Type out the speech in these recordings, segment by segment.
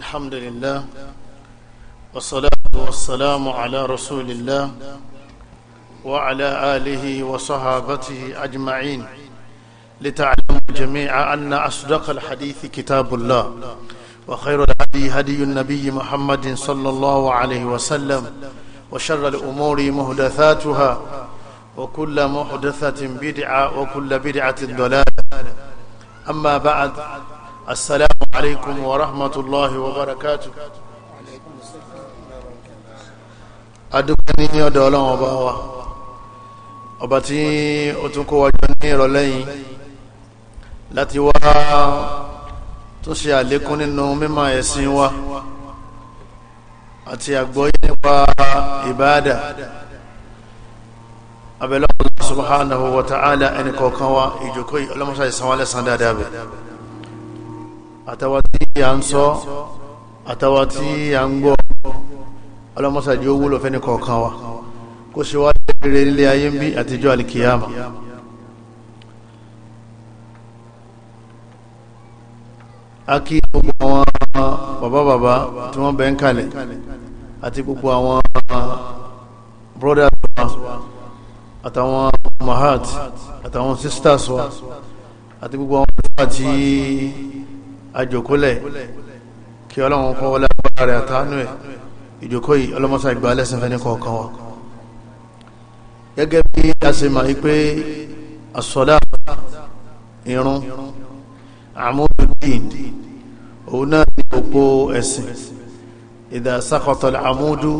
الحمد لله والصلاة والسلام على رسول الله وعلى آله وصحابته أجمعين لتعلموا جميعا أن أصدق الحديث كتاب الله وخير الهدي هدي النبي محمد صلى الله عليه وسلم وشر الأمور مهدثاتها وكل محدثة بدعة وكل بدعة ضلالة أما بعد السلام عليكم ورحمة الله وبركاته adúpẹ́ ní ọ̀dọ̀ ọlọ́run ọba wa ọba tí ó tún kó wájọ ní ìrọ̀lẹ́ yìí láti wá tó ṣe àlékún nínú mímọ̀ ẹ̀sìn wa àti àgbọ́yé nípa ìbáadà abẹ́lẹ́ Allah subhanahu wa ta'ala ẹnìkọ̀ọ̀kan wa ìjòkó ọlọ́mọṣà ìsanwálẹ̀ san dáadáa bẹ̀rẹ̀ àtàwa tí a ń sọ àtàwa tí a ń gbọ́ ọlọ́mọ́sàdì ó wúlò fẹ́ni kọ̀ọ̀kan wa kó ṣe wá lórí ilé ayé ń bí àtijọ́ alìkìyàmà a kí gbogbo àwọn bàbá bàbá tí wọ́n bẹ̀ ń kalẹ̀ àti gbogbo àwọn brothers wa àtàwọn mahat àtàwọn sisters wa àti gbogbo àwọn tí àjòkólẹ̀ kí ọlọ́run fún wọlé agbára rẹ̀ àtàánú ẹ̀ ìjòkó yìí ọlọ́mọsá ìgbà lẹ́sìn fẹ́ ní kọ̀ọ̀kan wa gẹ́gẹ́ bí a ṣe máa pé àsọ̀dá irun àmúdùdín òun náà ní òpó ẹ̀sìn ìdá sákọ̀tọ̀ àmúdù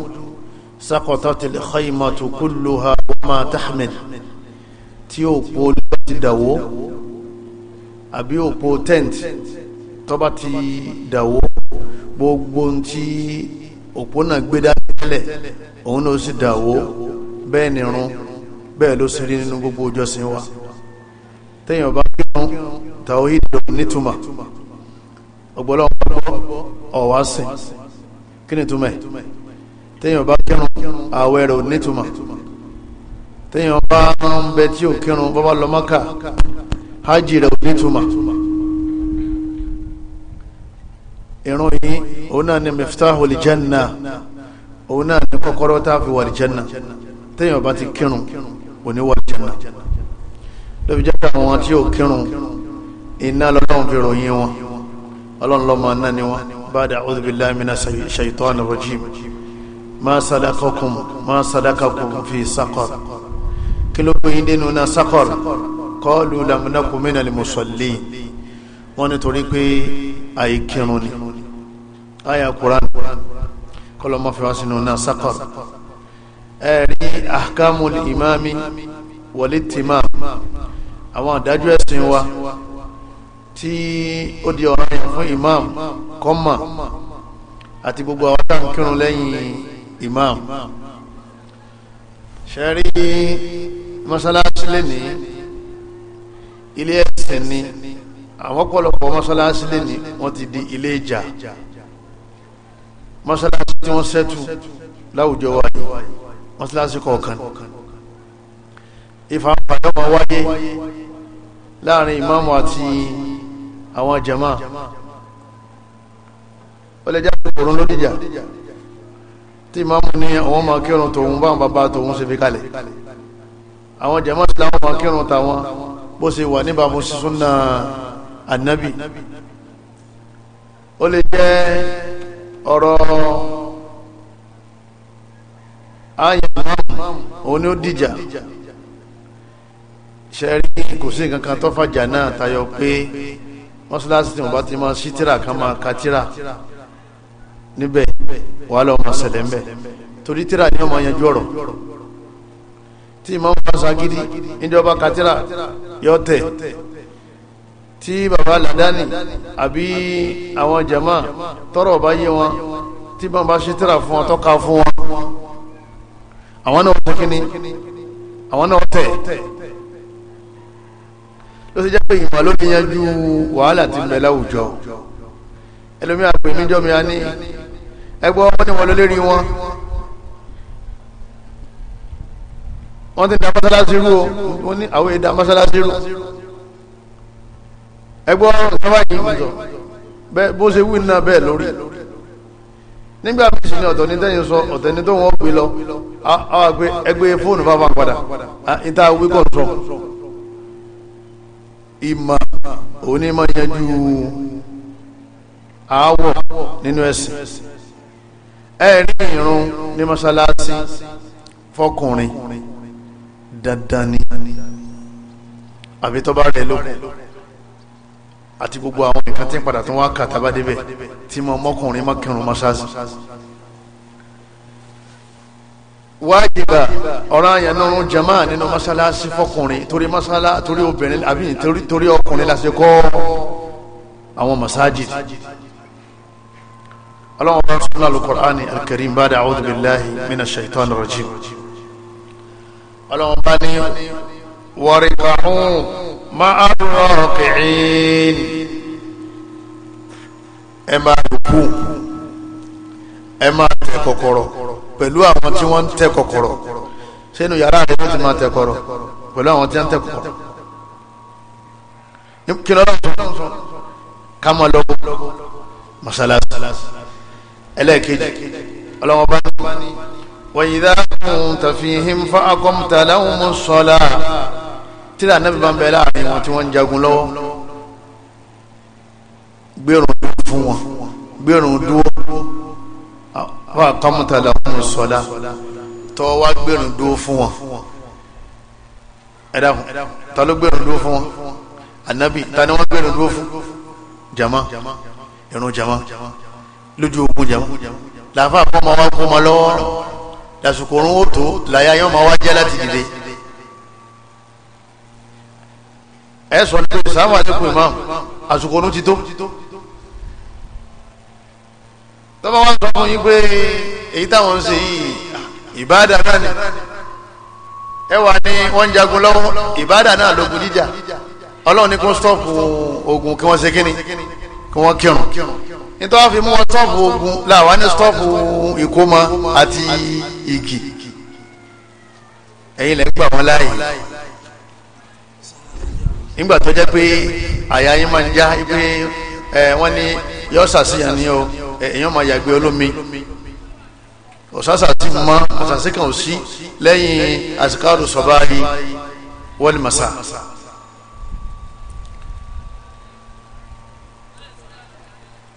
sákọ̀tọ̀ tilẹ̀ khaymatu kulluha wa ma tahmil tí òpó nígbà ti dàwó àbí òpó tẹ́ǹtì tọ́ba ti dàwó gbogbo tí òpó náà gbé òun náà sì dàwó bẹ́ẹ̀ ni run bẹ́ẹ̀ ló sì rí nínú gbogbo ìjọsìn wa téèyàn bá kírun tawhid nítumọ̀ ọ̀gbọ́lọ́wọ́ ọ̀wá sìn kí ni túmọ̀ téèyàn bá kírun àwẹ̀ o n'ituma téèyàn bá bẹ tí ò kírun bọ́bá lọ hajj irun yìí òun náà ni miftahul janna òun náà ni kọ́kọ́rọ́ tá a fi wà lìjánà téèyàn bá ti kírun òní wà lìjánà lóbi jẹ́ àwọn tí yóò kírun iná lọ́lọ́run fi ròyìn wọn ọlọ́run lọ́mọ náà ni wọn ba'da a'udhu billahi minash shaitanir rajim ma salakakum ma salakakum fi saqar kí ló gbé yín nínú náà saqar qalu lam naku minal musallin wọ́n nítorí pé àìkírun ni aya Quran kọlọ ma fi wá sínú náà sakar ẹ̀rí ahkamul imami walittimam àwọn àdájọ́ ẹ̀sìn wa tí ó di ọ̀ràn yẹn fún imam kọ́mà àti gbogbo àwọn tá à ń kírun lẹ́yìn imam ṣẹ́rí mọ́sálásí lẹ́nìí ilé ẹ̀sìn ni àwọn pọ̀lọpọ̀ mọ́sálásí lẹ́nìí wọ́n ti di ilé ìjà mọ́sálásí tí wọ́n sẹ́tù láwùjọ wáyé mọ́sálásí kọ̀ọ̀kan ìfàǹfàyọ́mọ̀ wáyé láàrin ìmáàmù àti àwọn jama ó lè jáde kòrò lódìjà tí ìmáàmù ní àwọn máa kírun tòun báwọn bàbá tòun ṣe fi kalẹ̀ àwọn jama sí láwọn máa kírun tàwọn bó ṣe wà níbàmú sí súnà ànábì ó lè jẹ́ ọ̀rọ̀ ayé imam òun ni ó dìjà ṣẹ́rí kò sí nǹkan kan tó fàjà náà tayọ pé mọ́ṣáláṣí tí wọ́n bá ti máa ṣí tíra kan máa ka tíra níbẹ̀ wàhálà ọmọ ṣẹlẹ̀ ńbẹ̀ torí tíra ni ọmọ yanjú ọ̀rọ̀ tí imam bá ṣagídí ní ọba ka tíra yọ tẹ̀ tí baba ladani àbí àwọn jama tọrọ bá yé wọn tí bọ́n bá ṣe tíra fún wọn tó fún wọn àwọn náà tẹ kíni àwọn náà tẹ ló ti jẹ́ ìmọ̀ ló fi yanjú wàhálà ti bẹ̀ láwùjọ ẹlòmí àpè níjọ́ mi a ní wọn ni wọn ló lérí wọn wọn ti da mọ́sálásí rú o wọn ní àwọn èdè mọ́sálásí rú o ẹgbọ́ sábà yìí ń sọ bó ṣe wí náà bẹ́ẹ̀ lórí nígbà bí ìṣẹ̀lẹ̀ ọ̀tọ̀ ní tẹ́yìn sọ ọ̀tẹ̀ ní tó wọ́n gbé lọ àwọn àgbẹ̀ ẹgbẹ́ fóònù bá máa padà níta wíkọ̀ sọ ìmọ̀ òní máa yanjú aáwọ̀ nínú ẹ̀sìn ẹ̀rí ìrun ní mọ́ṣáláṣí fọkùnrin dandan ni àbí tó bá rẹ̀ lókun àti gbogbo àwọn nǹkan tí ń padà tó wá kà tábà débẹ̀ tí mo mọ́kùnrin mọ́kìrún mọ́ṣáàsì. wájibà ọ̀rọ̀ àyàn náà ń jama nínú mọ́ṣáláṣí fọkùnrin torí mọ́ṣálá torí obìnrin àbí torí ọkùnrin la kọ́ àwọn masajid. اللهم بارك لنا القرآن الكريم بعد أعوذ بالله من الشيطان الرجيم اللهم بارك واركعوا máa rọ kìín ẹ máa rúkú ẹ máa tẹ kọ̀kọ̀rọ̀ pẹ̀lú àwọn tí wọ́n ń tẹ kọ̀kọ̀rọ̀ sínú yàrá rẹ ló ti máa tẹ kọ̀rọ̀ pẹ̀lú àwọn tí wọ́n ń tẹ kọ̀kọ̀rọ̀ kí lọ́dọ̀ sọ ká máa lọ́gbọ́ masalasi ẹlẹ́ẹ̀kejì ọlọ́wọ́n bá ní wọ́n yìí dá kùn tàfihìn fún akọ́mùtà láwọn tíra anabi bá ń bẹ láàrin wọn tí wọ́n ń jagun lọ́wọ́ gbẹrun dúró fún wọn gbẹrun dúró wà kọ́mùtàlà wọn sọ̀dá tọ́ wá gbẹrun dúró fún wọn ẹ ta ló gbẹrun dúró fún wọn anabi ta ni wọn gbẹrun dúró fún jama irun jama lójú ogun jama làáfàá kọ́ ma wá kó ma lọ́wọ́ lásìkò orun ó tó làyà yẹn ma wá jẹ́ láti dìde. ẹ sọ ní pé sàmú àlékún imam àsìkò ọdún ti tó tọ́ba wa sọ fún yín pé èyí táwọn ń ṣe yìí ìbáàdà náà ni ẹ wà ní wọ́n ń jagun lọ́wọ́ ìbáàdà náà lógun jíjà ọlọ́run ní kó stọ́ọ̀pù ogun kí wọ́n ṣe kíni kí wọ́n kírun nítorí wọ́n fi mú wọn stọ́ọ̀pù ogun làwọn ní stọ́ọ̀pù ìkómọ àti igi ẹ̀yin lẹ́ gbà láàyè nígbà tó jẹ́ pé àyà yín máa ń já pé wọ́n ní yọ sàṣìyàn ni o èèyàn máa yàgbé olómi òṣàṣà ti mọ òṣàṣì kan ò sí lẹ́yìn àsìkáàrù sọ̀báàrí wọ́n ní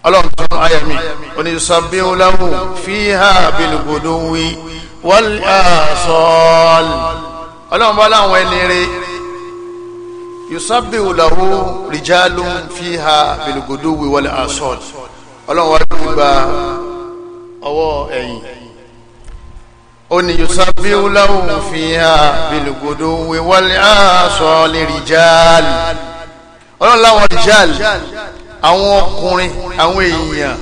ọlọ́run tún ayẹ mi oníṣàbí oláwù fíhà bílùgbòdó wí wọ́n ọlọ́run bá láwọn ẹni rẹ̀ yusabbihu lahu rijalun fiha bilguduwi wal asal ọlọ́run wa ló gba ọwọ́ ẹ̀yìn ó ní yusabbihu lahu fiha bilguduwi wal asal rijal ọlọ́run láwọn rijal àwọn ọkùnrin àwọn èèyàn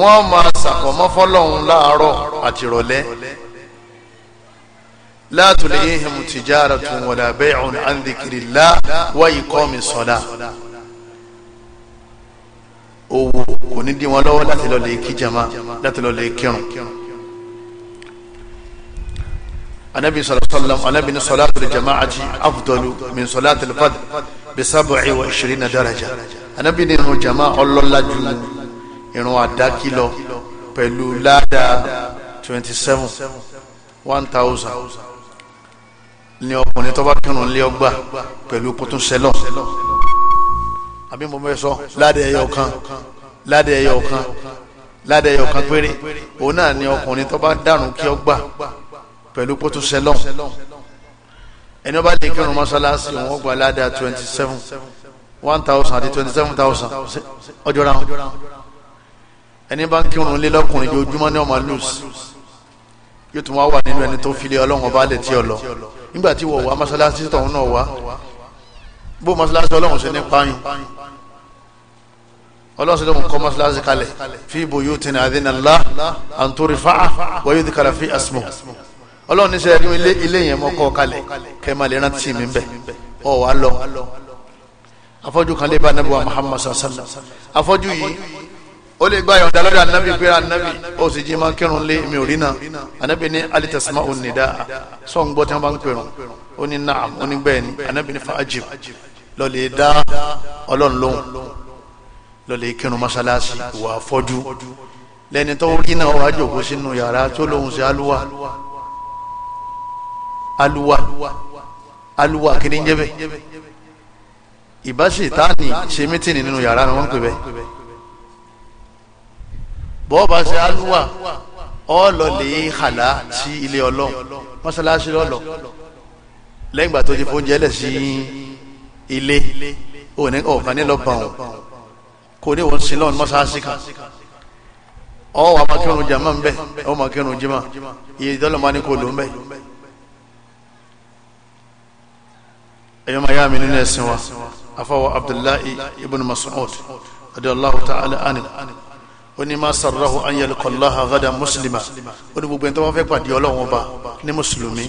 wọ́n máa ṣàkọ́mọ́ fọ́lọ́run láàárọ̀ àtìrọ̀lẹ́ la tulihim tijaratun wala bay'un an dhikrillah wa iqamis salah owó kò ní dí wọn lọ́wọ́ láti lọ lè kí jama láti lọ lè kírun anabi sallallahu anabi ni salatu jama'ati afdalu min salati al-fadl bi sab'i wa ishrina daraja anabi ni irun jama ọlọ́lá ju irun àdákí lọ pẹ̀lú ládàá twenty seven one thousand ní ọkùnrin tó bá kírun lé ọgbà pẹ̀lú kótó sẹlọ̀ àbí mo mẹ́ sọ ládẹ ẹyọ kan ládẹ ẹyọ kan ládẹ ẹyọ kan péré òun náà ní ọkùnrin tó bá dànù kí ọgbà pẹ̀lú kótó sẹlọ̀ ẹni ó lè kírun mọ́sálásí òun ọgbà ládà twenty seven one thousand àti twenty seven thousand ọjọ́ ra wọn ẹni bá ń kírun lé lọ́kùnrin jojúmọ́ ní ọmọ lùs yóò tún wá wà nínú ẹni tó filẹ̀ ọlọ́run ọba lè tí ọ lọ nígbà tí wọ́n wá mọ́sálásí tọ̀hún náà wá bó mọ́sálásí ọlọ́run ṣe ní páyìn ọlọ́run ṣe ló ń kọ́ mọ́sálásí kalẹ̀ fi buyutin adhina Allah an turfa'a wa yudhkara fi asmu ọlọ́run ní sẹ́yìn ilé ilé yẹn mọ́kọ́ kalẹ̀ kẹ́ máa lè rántí mi bẹ́ ọ wà lọ afọ́jú kan lè bá anábíwá Muhammad sallallahu alaihi wasallam afọ́jú yìí ó lè gba ìyọ̀ǹda lọ́dọ̀ anabi pé anabi ó sì jí máa kírun lé mi ò rí náà anabi ní alitasima onida sọ̀n gbọ́ tí wọ́n bá ń pèrún ó ní naam ó ní bẹ́ẹ̀ ni anabi ní fàájì lọ́lẹ̀ dá ọlọ́run lóhùn lọ́lẹ̀ kírun mọ́ṣáláṣí wà fọ́jú lẹ́ni tó rí náà wàá jòkó sínú yàrá tó lóhùn sí aluwa aluwa aluwa kiri ń jẹ́ bẹ́ẹ̀ ìbáṣe táà ní ṣe mítìnì nínú ni wọ́n ń pè bọ́ọ̀bá ṣe alúwà ọ̀ọ́lọ̀ lè hàlá sí ilé ọlọ́run mọ́sálásí lọ́lọ́ lẹ́yìn ìgbà tó ti fóúnjẹ lẹ̀ sí ilé òní ọ̀kan nílọ bàwọn kò ní òun sílọ́ọ̀n mọ́sálásí kan ọ̀ọ́ wà mákírun jàmá ń bẹ̀ ọ̀ mákírun jimá iye dọ́là máa ní kò ló ń bẹ̀. ẹ̀yọ́ máa yá mi nínú ẹ̀sìn wa afọwọ́ Abdullahi ibn Mas'ud adé ta'ala anil ó ní ma sàrọ̀hù anyalukọ̀láha gada mùsùlùmá ó ní gbogbo ẹni tó bá fẹ́ pàdé ọlọ́run ọba ní mùsùlùmí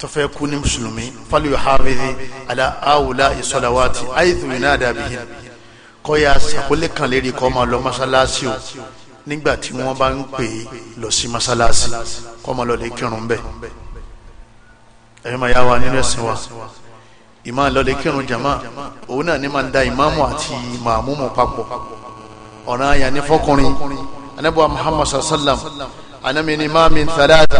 tó fẹ́ kú ní mùsùlùmí fálíyò hàbìrì àlà àwùlá ìsọ̀làwàtì àyètò iná àdàbìyí kọ́ ya sàkólé kan lérí kọ́ máa lọ mọ́sálásí o nígbà tí wọ́n bá ń pè é lọ sí mọ́sálásí kọ́ máa lọ lè kírun bẹ́ẹ̀ ẹ̀yin máa wa nínú ẹ̀sìn wa ìmáà lọ lè kírun jàmáà òun náà ní máa ń da ìmáàmù àti màmúmù papọ̀ ọ̀nà àyàn ní fọkùnrin anabuwa muhammad sallam anami ni maa min thalatha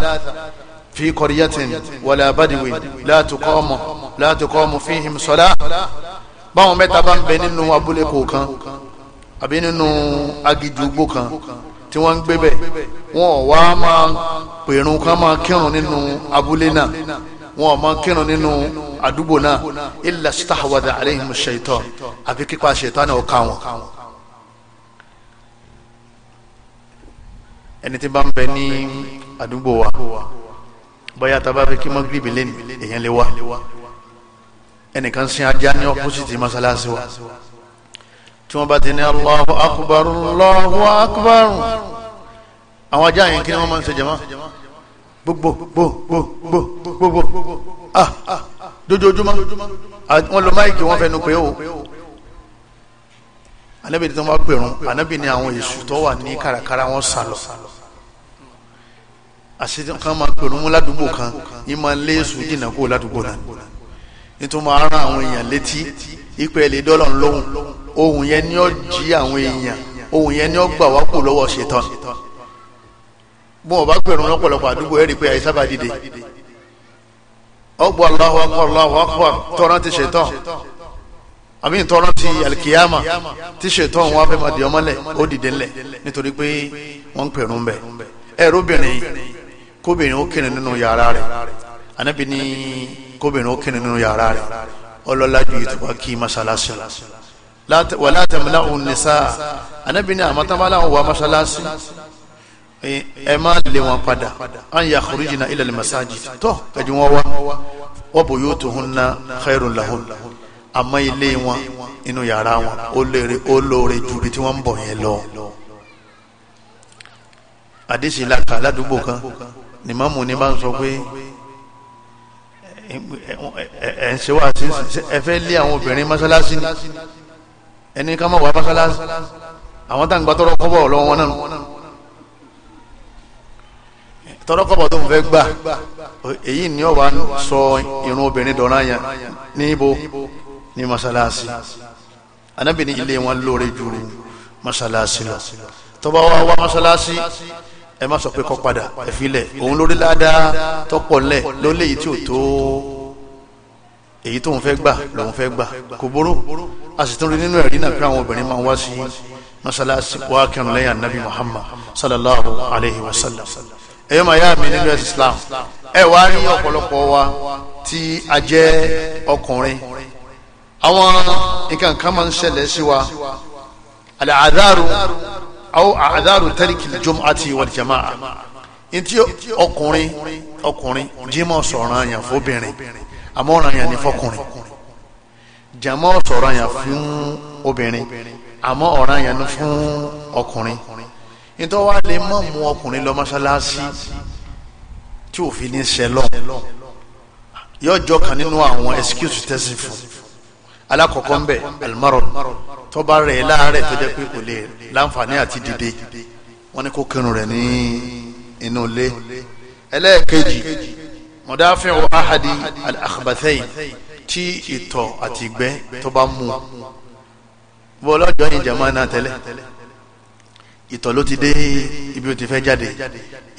fi kọriyatin wala badiwi látukọ́mù látukọ́mù fihim sọlá báwọn mẹ́ta bá ń bẹ nínú abúlé kọ̀ọ̀kan àbí nínú agijugbo kan tí wọ́n ń gbé bẹ̀ wọ́n wá máa pèrún ká máa kírun nínú abúlé náà wọn ò mọ kírun nínú àdúgbò náà illa stahwadà alayhim shaitan àfi kíkọ́ àṣetán náà wọn. ẹni tí bá ń bẹ ní àdúgbò wa bóyá tàbá fẹ́ kí mọ́gìlìbì lẹ́nu èèyàn lè wá ẹnìkan sin ajá ní ọ́pọ́sìtì mọ́sálásí wa tí wọ́n bá ti ní Allahu akbar Allahu akbar àwọn ajá yẹn kí ni wọ́n máa ń ṣe jẹ́mọ́ gbogbo gbogbo gbogbo gbogbo ah dojoojúmọ́ ah, wọ́n lo máìkì wọ́n fẹnu pé o anábì tí wọ́n bá pèrún anábì ni àwọn èṣù tó wà ní kàràkàrà wọn sálọ àṣetí kan máa pẹ̀lú mú ládùúgbò kan yín máa lé èṣù jìnnà kó ládùúgbò náà nítorí máa rán àwọn èèyàn létí ìpè lè dọ́lọ̀ lóhùn ohun yẹn ni ó jí àwọn èèyàn ohun yẹn ni ó gbà wá kù lọ́wọ́ ṣetán bí wọn bá pẹ̀lú lọ́pọ̀lọpọ̀ àdúgbò ẹ̀rí pé àyíṣà bá dìde ọgbọ Allahu akbar Allahu akbar tọ́ra ti ṣetán àmì ìtọ́ra ti alikiyama ti ṣetán wọn fẹ́ máa di ọmọlẹ̀ ó dìde ńlẹ̀ nítorí pé wọ́n ń pẹ̀lú ń bẹ̀ obìnrin kóbìnrin ó kìnìún nínú yàrá rẹ̀ anábì ní kóbìnrin ó kìnìún nínú yàrá rẹ̀ ọlọ́lá ju ìtùbá kí masalasi wà látàmílà òun ní sáà anábì ní àmọ́tàmálà òun wà masalasi ẹ má lé wọn padà an yà kúrújìnà ilẹ̀ masáàjì tó ẹ̀jú wọn wá wọ́n bò yóò tó hun ná khairun lahu. àmọ́ ilé wọn inú yàrá wọn ó lóore ó lóore ju ibi tí wọ́n ń bọ̀ yẹn lọ. àdìsí làkà ládùúgbò kan ni mamu ni máa ń sọ pé ẹ ń ṣe wá sí ẹ fẹ́ lé àwọn obìnrin mọ́sálásí ni ẹni ká máa wá mọ́sálásí àwọn tá à ń gba tọrọ kọ́bọ̀ lọ́wọ́ wọn náà tọrọ kọ́bọ̀ tó ń fẹ́ gbà èyí ni ọba sọ irun obìnrin dọ̀nà yẹn níbo ní mọ́sálásí anábìnrin ilé wọn lóore ju mọ́sálásí lọ tọ́ba wa wá mọ́sálásí ẹ má sọ pé kọ́ padà ẹ filẹ̀ òun lórí ládàá tọ́pọ̀ ńlẹ̀ ló léyìí tí ò tó èyí tóun fẹ́ gbà lòun fẹ́ gbà kò bóró a sì tún rí nínú ẹ̀rí náà pé àwọn obìnrin máa ń wá sí mọ́sálásí wa kẹrùn lẹ́yìn anabi muhammad sallallahu alayhi wa sallam ẹ̀yọ́ màá yá mi nínú ẹ̀sìn islam ẹ̀ wá rí ọ̀pọ̀lọpọ̀ wa tí a jẹ́ ọkùnrin àwọn nǹkan kan máa ń ṣẹlẹ̀ sí wa àlẹ́ aw adaru tariki jum'ati wal jama'a nti ọkùnrin ọkùnrin jimọ sọ̀rọ̀ àyàn fóbìnrin àmọ́ ọ̀ràn àyàn ní fọkùnrin jama sọ̀rọ̀ àyàn fún obìnrin àmọ́ ọ̀ràn àyàn ní fún ọkùnrin nítorí wàá lè má mú ọkùnrin lọ mọ́ṣáláṣí tí òfin ní sẹlọ yọjọ kan nínú àwọn excuse tẹsí fún alákọ̀ọ́kọ́ ń bẹ almarod tọ́ba rẹ̀ láàárẹ̀ tó jẹ́ pé kò lè láǹfààní àti dìde wọ́n ní kó kírun rẹ̀ ní inú ilé ẹlẹ́ẹ̀kejì mọ̀dáfẹ́ wa ahadi al-akhbathayn tí ìtọ̀ àti ìgbẹ́ tó bá mú bọ́ lọ́jọ́ yìí jẹ́ máa ná tẹ́lẹ̀ ìtọ̀ ló ti dé ibi ó ti fẹ́ jáde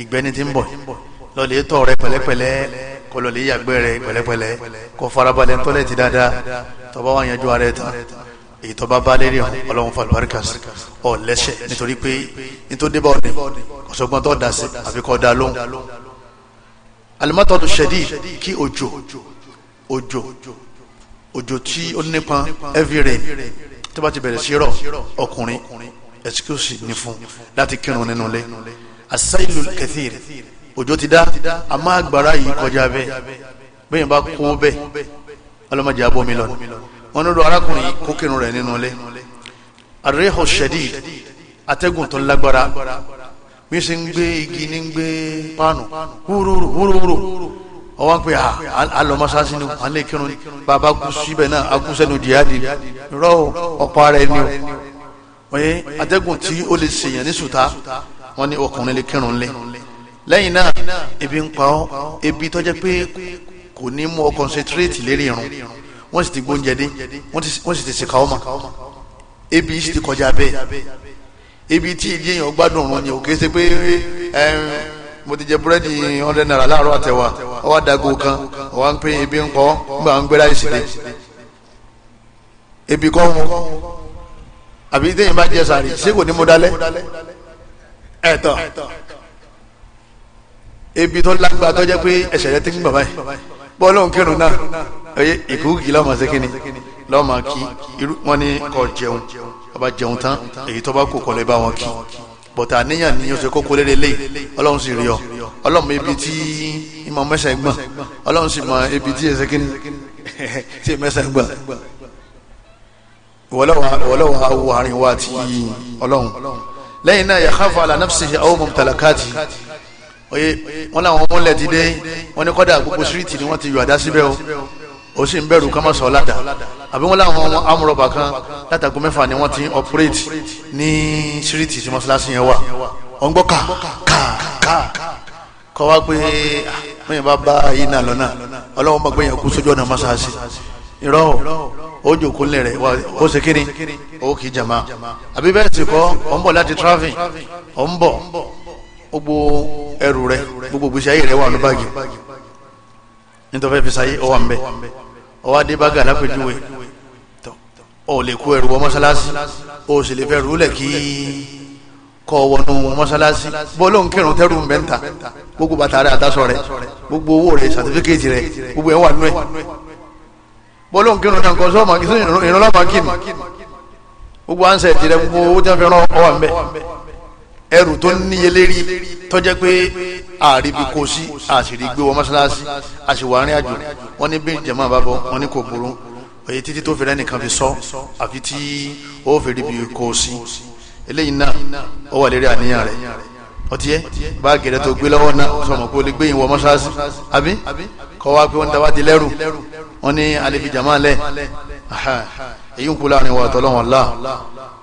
ìgbẹ́ ni ti ń bọ̀ lọ́lẹ̀ tọ̀ rẹ pẹ̀lẹ́pẹ̀lẹ́ kọ lọ́lẹ̀ yàgbẹ́ rẹ pẹ̀lẹ́pẹ̀lẹ́ kọ farabalẹ̀ tọ́lẹ̀ ti dáadáa tó bá yanjú ara ẹ̀ tán èyí tó bá bá lérí hàn ọlọ́run fa àlùbáríkà sí ọ lẹ́sẹ̀ nítorí pé nítorí débà ọ̀nì ọ̀sọ́gbọ́n tó dà sí àfi kọ́ da lóhùn alimọ́tọ́dù ṣẹ̀dí kí òjò òjò òjò tí ó nípa heavy rain tó bá ti bẹ̀rẹ̀ sí rọ̀ ọkùnrin excuse ni fún láti kírun nínú ilé asailu kathir òjò ti dá a máa gbàrá yìí kọjá bẹ́ẹ̀ bẹ́ẹ̀ bá kún bẹ́ẹ̀ ọlọ́mọdé abọ́ mi lọ́nà wọn nílò arákùnrin kókèrún rẹ̀ nínú ilé àríhò ṣẹ̀dí atẹ́gùn tó lágbára bí ṣe ń gbé igi ní ń gbé páànù wúrúwúrú wúrúwúrú ọwọ́n pé alọ́mọsáṣí ni wọ́n lè kírun bàbá kú síbẹ̀ náà akúṣẹ́nu jihadi rọ́ ọ̀pá rẹ̀ ni oye atẹ́gùn tí ó lè ṣèyàn ní sùta wọ́n ní ọkùnrin lè kírun lé lẹ́yìn náà ebi ń pa ọ́ ebi tó jẹ́ pé kò ní mú ọ concentrate lérí irun wọ́n sì ti gbóúnjẹ dé wọ́n sì ti sèkà ọmọ ebi sì ti kọjá bẹ́ẹ̀ ebi tí ilé yẹn gbádùn ọ̀run ni òkè ṣe pé mo ti jẹ búrẹ́dì hundred naira láàárọ̀ àtẹ̀wà ọwọ́ àdàgò kan ọwọ́ ń pè ebi ń kọ́ ń gbéra ìsìlè ebi kọ́ wọn àbí téèyàn bá jẹ sàárì ṣé kò ní mo dalẹ̀ ẹ̀tọ́ ebi tó lágbàá tó jẹ́ pé ẹ̀ṣẹ̀ rẹ ti ń gbà báyìí bọ́ọ̀lù ń kírun náà oye ìkúùkì lọ́mọ sí kínní lọ́mọ kí wọ́n ní kó jẹun ọba jẹun tán èyí tó bá kó kọ́ lè bá wọn kí bọ̀tà níyàn ni oṣù kókó lérè lé ọlọ́run sì rí ọ ọlọ́run ibi tí ìmọ̀ mẹ́sẹ̀ gbọ̀n ọlọ́run sì mọ ibi tí ẹsẹ̀ kínní tí mẹ́sẹ̀ gbọ̀n ìwọlọ́wọ́ awọ àárín wa ti ọlọ́run lẹ́yìn náà yakhafu ala nafsihi aw oye wọn làwọn mọ́lẹ̀ ti dé wọn ní kọ́dà gbogbo síríìtì ni wọ́n ti yọ àdá síbẹ̀ o. ó sì ń bẹ̀rù ká má sọ ládàá àbí wọ́n láwọn amúrọ̀bà kan ni wọ́n ti ọ̀pẹ́rẹ́tì ní síríìtì tí mọ́ṣáláṣí yẹn wà wọ́n gbọ́ ká ká ká kọ́ wá pé mẹ́yìn ah, bá bá yín náà lọ́nà ọlọ́wọ́n bá gbé yẹn kú sójú ọ̀nà mọ́ṣáláṣí irọ́ o jòkó lẹ̀ rẹ̀ o ṣe o kì í jama àbí bẹ́ẹ̀ sì kọ́ ọ̀ ń bọ̀ láti ọ̀ ń bọ̀ gbogbo ẹrù nítorí fẹ́ fi sáyé ọwọ́ ń bẹ ọwọ́ adébágà lápèjúwe ọ lè kó ẹrù wọ mọ́sálásí o sì lè fẹ́ rúlẹ̀ kí kọ́ wọnú mọ́sálásí bọ́ọ̀lù ń kírun tẹ́rù ń bẹ́ ń ta gbogbo bàtà rẹ àtàsọ rẹ gbogbo owó rẹ sàtífíkẹ́tì rẹ gbogbo ẹ̀ wà nú ẹ̀ bọ́ọ̀lù ń kírun náà kọ́ sọ́ọ̀mà kí sóyún ìrànlọ́mà kí gbogbo ansẹ̀ ti gbogbo owó tí wọ́n fi ń bẹ̀ ẹrù tó níyelérí tó jẹ́ pé àríbi kò sí àṣírí gbé wọ mọ́ṣáláṣí àṣìwárin àjò wọn ní bí jẹ̀mọ́ àbábọ̀ wọn ní kò burú èyí títí tó fẹ́rẹ́ nìkan fi sọ àfi tí ó fèrè bí kò sí eléyìí náà ó wà lérí àníyàn rẹ̀ ọtí yẹ báàgì rẹ tó gbé lọ́wọ́ náà sọmọ kó lè gbé yín wọ mọ́ṣáláṣí àbí kọ́ wá pé wọ́n dáwà di lẹ́rù wọ́n ní alẹ́fi jàmáà lẹ̀ èyí ń kú láàrin wa àtọ́lọ́wọ̀n lá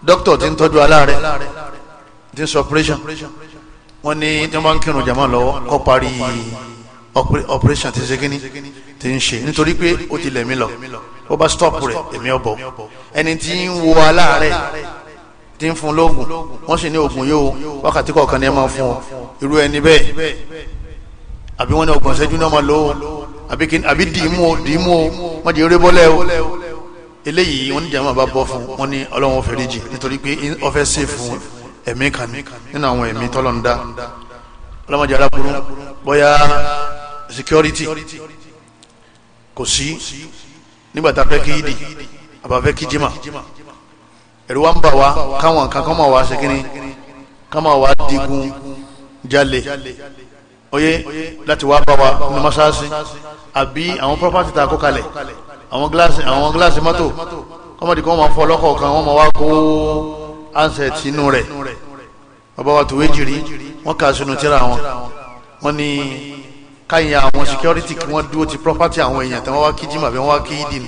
dókítà ti ń tọ́jú aláàrẹ̀ ti operation wọ́n ní tí wọ́n bá ń kírun jama lọ́wọ́ kọ́ parí operation ti ṣe kíní ti ń ṣe nítorí pé ó ti lẹ̀mí lọ ó bá stop rẹ̀ èmi ọ̀bọ̀ ẹni tí ń wo aláàárẹ̀ tí ń fún lóògùn wọ́n sì ní oògùn yóò wákàtí kọ̀ọ̀kan ni ẹ máa fún ọ irú ẹni bẹ́ẹ̀ àbí wọ́n ní ọgbọ̀n ṣẹ́jú náà máa lò ó àbí dìímú o dìímú o wọ́n di eré bọ́lẹ̀ o eléyìí wọ́n ní jàmbá bá bọ́ fún wọn ní ọlọ́wọ́n fẹ́rẹ́ jì nítorí pé ó fẹ́ ṣe fún ẹ̀mí kan nínú àwọn ẹ̀mí tọ́lọ̀ ń dá ọlọ́mọdé aláburú bóyá security kò sí nígbà tá a fẹ́ kí yídì àbá kí jimá ẹ̀rù wa ń bà wá káwọn kan kọ́ máa wá ṣèkínní ká máa wá digun jalè oyè láti wá bá wa nínú mọ́ṣáláṣí àbí àwọn property tá a kó kalẹ̀ àwọn gíláàsì mọ́tò kọ́mọ̀dé kọ́ máa fọ́ ọlọ́kọ̀ọ̀kan wọ́n máa wá kó ansẹ̀ tinú rẹ̀ bàbá wa tòwé jìrì wọ́n kà sínú tíra wọn wọ́n ní káyìn àwọn security kí wọ́n dúró ti property àwọn èèyàn tí wọ́n wá kí jim àbí wọ́n wá kí idin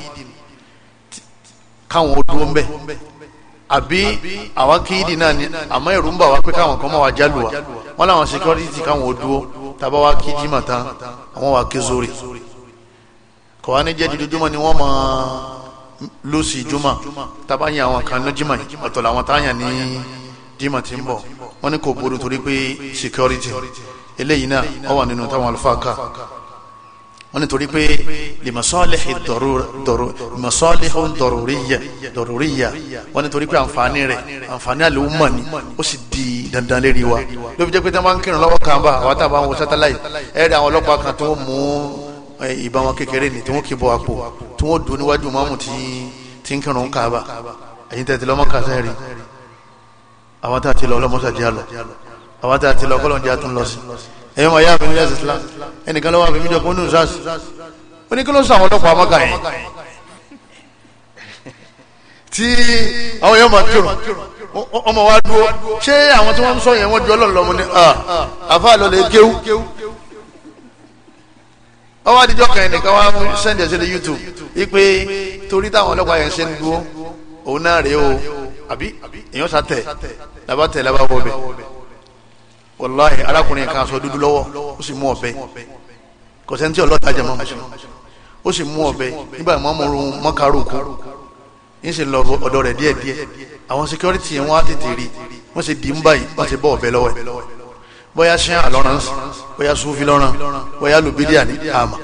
káwọn ó dúró ń bẹ̀ àbí àwa kí idin náà ni àmọ́ ẹ̀rù ń bà wá pé káwọn kan máa wà jálù wa wọ́n láwọn security káwọn ó dúró tàbá wá kí jim àtàn àwọn wà kí zori kọ̀wá ní jẹ́ dídójúmọ́ ni wọ́n máa lóòsì juma taba yan àwọn kan ní jima yìí ọ̀tọ̀ làwọn tá yàn ní jima ti ń bọ̀ wọ́n ní kò burú torí pé security eléyìí náà ó wà nínú táwọn alufa ká wọ́n ní torí pé limasọ́lẹ̀hì dọ̀rọ̀ríyà wọ́n ní torí pé àǹfààní rẹ̀ àǹfààní àlè ọmọ ni ó sì di dandan lérí wa ló fi jẹ́ pé tí wọ́n bá ń kírun lọ́wọ́ kan bá àwọn táwọn àwọn sátáláì ẹ̀rí àwọn ọlọ́pàá kan tó mú ìbọn wọn kékeré ní tí wọ́n kì í tí wọ́n dùn níwájú mọ́mù tí tí ń kírun káàbà ẹ̀yin tẹ̀tí lọ́mọ kásẹ̀ rí àwọn tá a ti lọ ọlọ́mọsàjì àlọ́ àwọn tá a ti lọ kọ́lọ́njì àtún lọ sí ẹ̀yin wọ̀nyí àfihàn yẹ́sì sílá ẹnìkan lọ́wọ́ àfihàn ìjọba onú sars oníkìlọ́ sọ àwọn ọlọ́pàá yẹn tí àwọn yẹn máa kírun ọmọ wa dúró ṣé àwọn tí wọ́n ń sọ yẹn wọ́n ju ọlọ́run ọwọ́ àdìjọ́ kan ẹnìkan wá youtube ipe torí táwọn ọlọ́pàá yẹn ṣe ń òun náà rèé o àbí èèyàn sàtẹ̀ tẹ̀ wọ wàláhì arákùnrin kan dúdú lọ́wọ́ ó sì mú ọ̀bẹ kò sẹ́ni tí ọlọ́ta jẹ mọ́ ó sì mú ọ̀bẹ bóyá ṣẹ́ àlọ́ràn bóyá sufi lọ́ràn bóyá lùbídíà ní àmà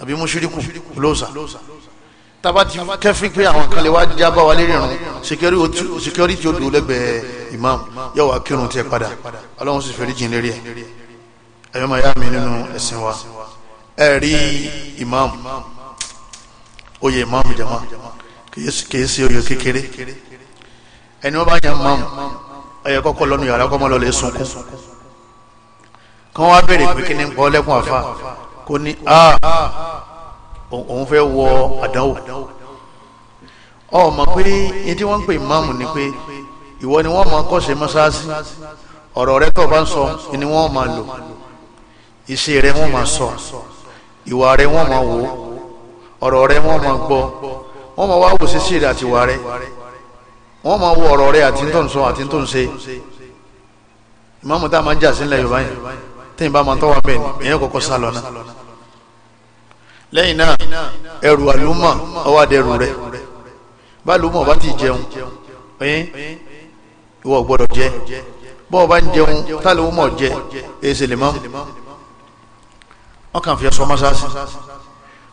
àbí mùsùlùkù lóòsà taba ti kẹfin pé àwọn kan lè wá jábá wa lérí irun security ó dùn lẹ́gbẹ̀ẹ́ imam yóò wá kírun tiẹ̀ padà ọlọ́run sì fẹ́rí jìn lérí ẹ̀ ẹ̀yọ́ máa yá mi nínú ẹ̀sìn wa ẹ̀ rí imam oyè imam jama kìí ṣe oyè kékeré ẹni wọ́n bá yan imam ẹ̀yẹ kọ́kọ́ lọ́nu yàrá kọ́ mọ́ lọ́lẹ̀ sunkún kán wá bèrè pé kí ni ń pọ́ lẹ́kùn àfa a òun fẹ́ wọ àdánwò ọ mọ̀ pé ní tí wọ́n ń pè máàmù ni pé ìwọ ni wọ́n máa kọ́sẹ̀ mọ́sáàsì ọ̀rọ̀ rẹ tó bá ń sọ ni wọ́n máa lò iṣẹ́ rẹ wọ́n máa sọ ìwà rẹ wọ́n máa wò ọ̀rọ̀ rẹ wọ́n máa gbọ́ wọ́n máa wá wò sí sí àti ìwà rẹ wọ́n máa wo ọ̀rọ̀ rẹ àti tó ń sọ àti tó ń ṣe ìmáàmù tá a máa ń jà sílẹ̀ Yorùbá yẹn tẹ́yìn bá máa tọ́wọ́ bẹ́ẹ̀ ni èèyàn kọ́kọ́ sá lọ́nà lẹ́yìn náà ẹrù àlùmọ̀ ọwọ́ adẹrù rẹ bá àlùmọ̀ bá ti jẹun ẹ̀yìn ìwọ gbọ́dọ̀ jẹ bọ́ọ̀ bá ń jẹun tálùmọ̀ jẹ èsì lè mọ́ wọn kàn fi ẹsọ mọ́sáàsì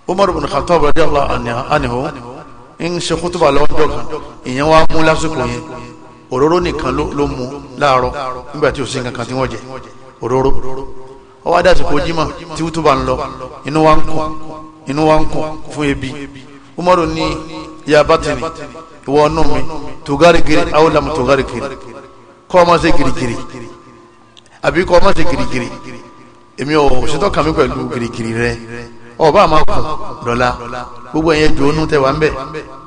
Umar bin Khattab radiyallahu anhu ń ṣe kútùbà lọ́jọ́ kan ìyẹn wá mú lásìkò yẹn òróró nìkan ló mú láàárọ̀ nígbà tí ò sí nǹkan kan tí wọ́n jẹ òróró ọwọ́ adásìkò jimá tí wútú bá ń lọ inú wa ń kùn inú wa ń kùn fún ebi umaru ní yabatini ìwọ ọ̀nà mi tògárìkiri awolamu tògárìkiri kọ́ ọmọ sí girigiri àbí kọ́ ọmọ sí girigiri èmi ò ṣètò kàmí pẹ̀lú girigiri rẹ ọba àmà kù lọ́la gbogbo ẹ̀yẹ dùnú tẹwà ń bẹ̀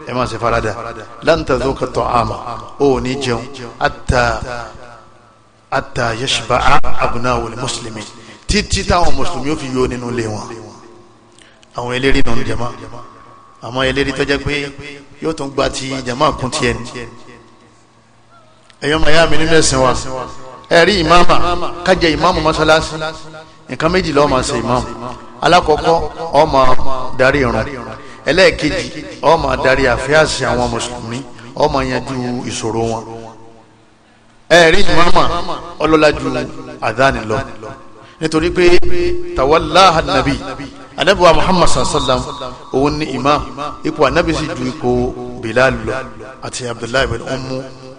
ẹ̀ máa ṣe farada láǹtà tó kẹtọ̀ àmà ó ní jẹun àtà ata yashba'a abunawo muslimi títí táwọn mùsùlùmí ó fi yó nínú ilé wọn àwọn eléri nù jama àmọ́ eléri tó jẹ́ pé yóò tún gba ti jama kún tiẹ̀ ni ẹ̀yọ́ maya mi nínú ẹ̀sìn wa ẹ̀rí ìmáàmà kájẹ ìmáàmù mọ́sálásí nǹkan méjì lọ́ọ́ máa ṣe ìmáàmù alákọ̀ọ́kọ́ ó darí irun ẹlẹ́ẹ̀kejì ó darí àfíàsì àwọn mùsùlùmí ó máa yanjú ìṣòro wọn ẹ̀rí ìmọ̀ọ́mà ọlọ́lá ju àdáni lọ nítorí pé tawallah anabi anabi wa muhammad sallam òun ni imam ipò anabi sì ju ipò bilal lọ àti abdullahi bin ummu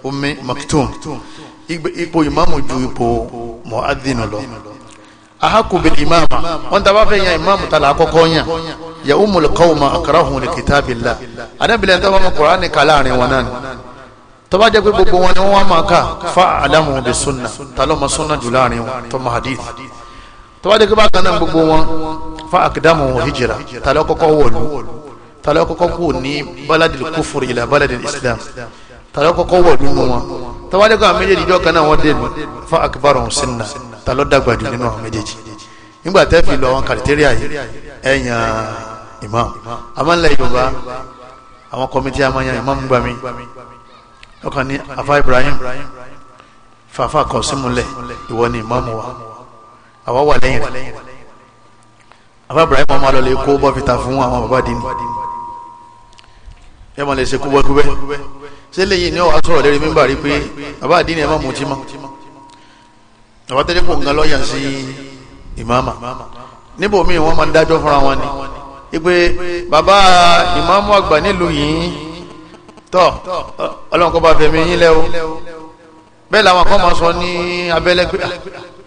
ummi maktum ipò imamu ju ipò mu'adhin lọ ahaku bil imama wọn taba fẹ́ yan imamu ta la àkọ́kọ́ yan ya umul qawma akrahum li kitabillah anabi lẹ́yìn tó bá mọ wọn náà tó bá jẹ́ pé gbogbo wọn ni wọ́n máa kà fa alamu bi sunna tàlọ́ ma sunna jù láàrin wọn tó ma hadith tó bá jẹ́ pé bákan náà gbogbo wọn fa akidamu wọn hijira tàlọ́ kọ́kọ́ wọ̀lú tàlọ́ kọ́kọ́ kù ní baladil kufur ila baladil islam tàlọ́ kọ́kọ́ wọ̀lú nu wọn tó bá jẹ́ pé àwọn méjèèjì kan náà wọ́n dé fa akibaru sinna tàlọ́ dàgbà jù nínú àwọn nígbà tẹ́ fi lọ àwọn kàrìtẹ́rì àyè ẹ̀yàn imam ọkàn ní afa Ibrahim fàáfà kọ símúlẹ̀ ìwọ ni ìmáàmù wa àwa wà lẹ́yìn rẹ̀ afa Ibrahim ọmọ alọ́lẹ̀ kó bọ́fìtà fún àwọn bàbá dínì ẹ mọ̀ lè ṣe kúbẹ́kúbẹ́ ṣé lẹ́yìn ni ó wàá sọ̀rọ̀ lérí mímbà rí pé bàbá dínì ẹ má mutí mọ́ bàbá tẹ́lẹ̀ kò ń gan lọ́yà sí ìmáàmà níbo mi wọ́n máa ń dájọ́ fúnra wọn ni ipe bàbá ìmáàmù àgbà nílùú yìí tọ́ ọlọ́run kó bá fẹ̀mí yín lẹ́ bẹ́ẹ̀ làwọn kan máa sọ ní abẹ́lẹ́ pé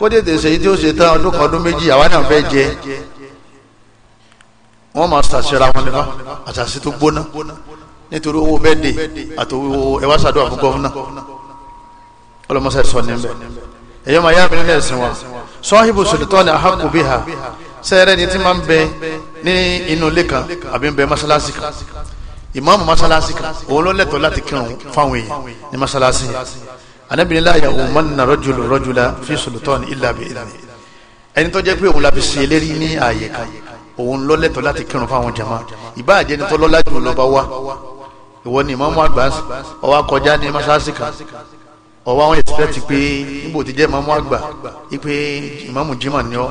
kó tètè ṣèyí tí ó ṣe tán ọdún kan ọdún méjì àwa náà fẹ́ jẹ wọ́n máa ṣàṣẹra wọn nípa àṣàṣì tó gbóná nítorí owó bẹ́ẹ̀dẹ̀ àtòwò ẹwà ṣàdúrà fún ọlọ́mọṣẹ́ sọ níbẹ̀ máa yá mi nílẹ̀ ni ni ìmáàmù masalasi kan òun ló lẹ́tọ̀ọ́ láti kírun fáwọn èèyàn ní masalasi anabinila yà òun mọ nà rọjòló rọjòlá fi sultan illa bi idni ẹni tó jẹ́ pé òun la fi ṣe eléri ní ààyè kan òun ló lẹ́tọ̀ọ́ láti kírun fáwọn jama ìbá àjẹni tó lọ́lá jù lọ bá wá ìwọ ni ìmáàmù àgbà ọwọ́ akọjá ní masalasi kan ọwọ́ àwọn ẹ̀sìpẹ́tì pé níbo ti jẹ́ ìmáàmù àgbà ipe ìmáàmù jimá ni ọ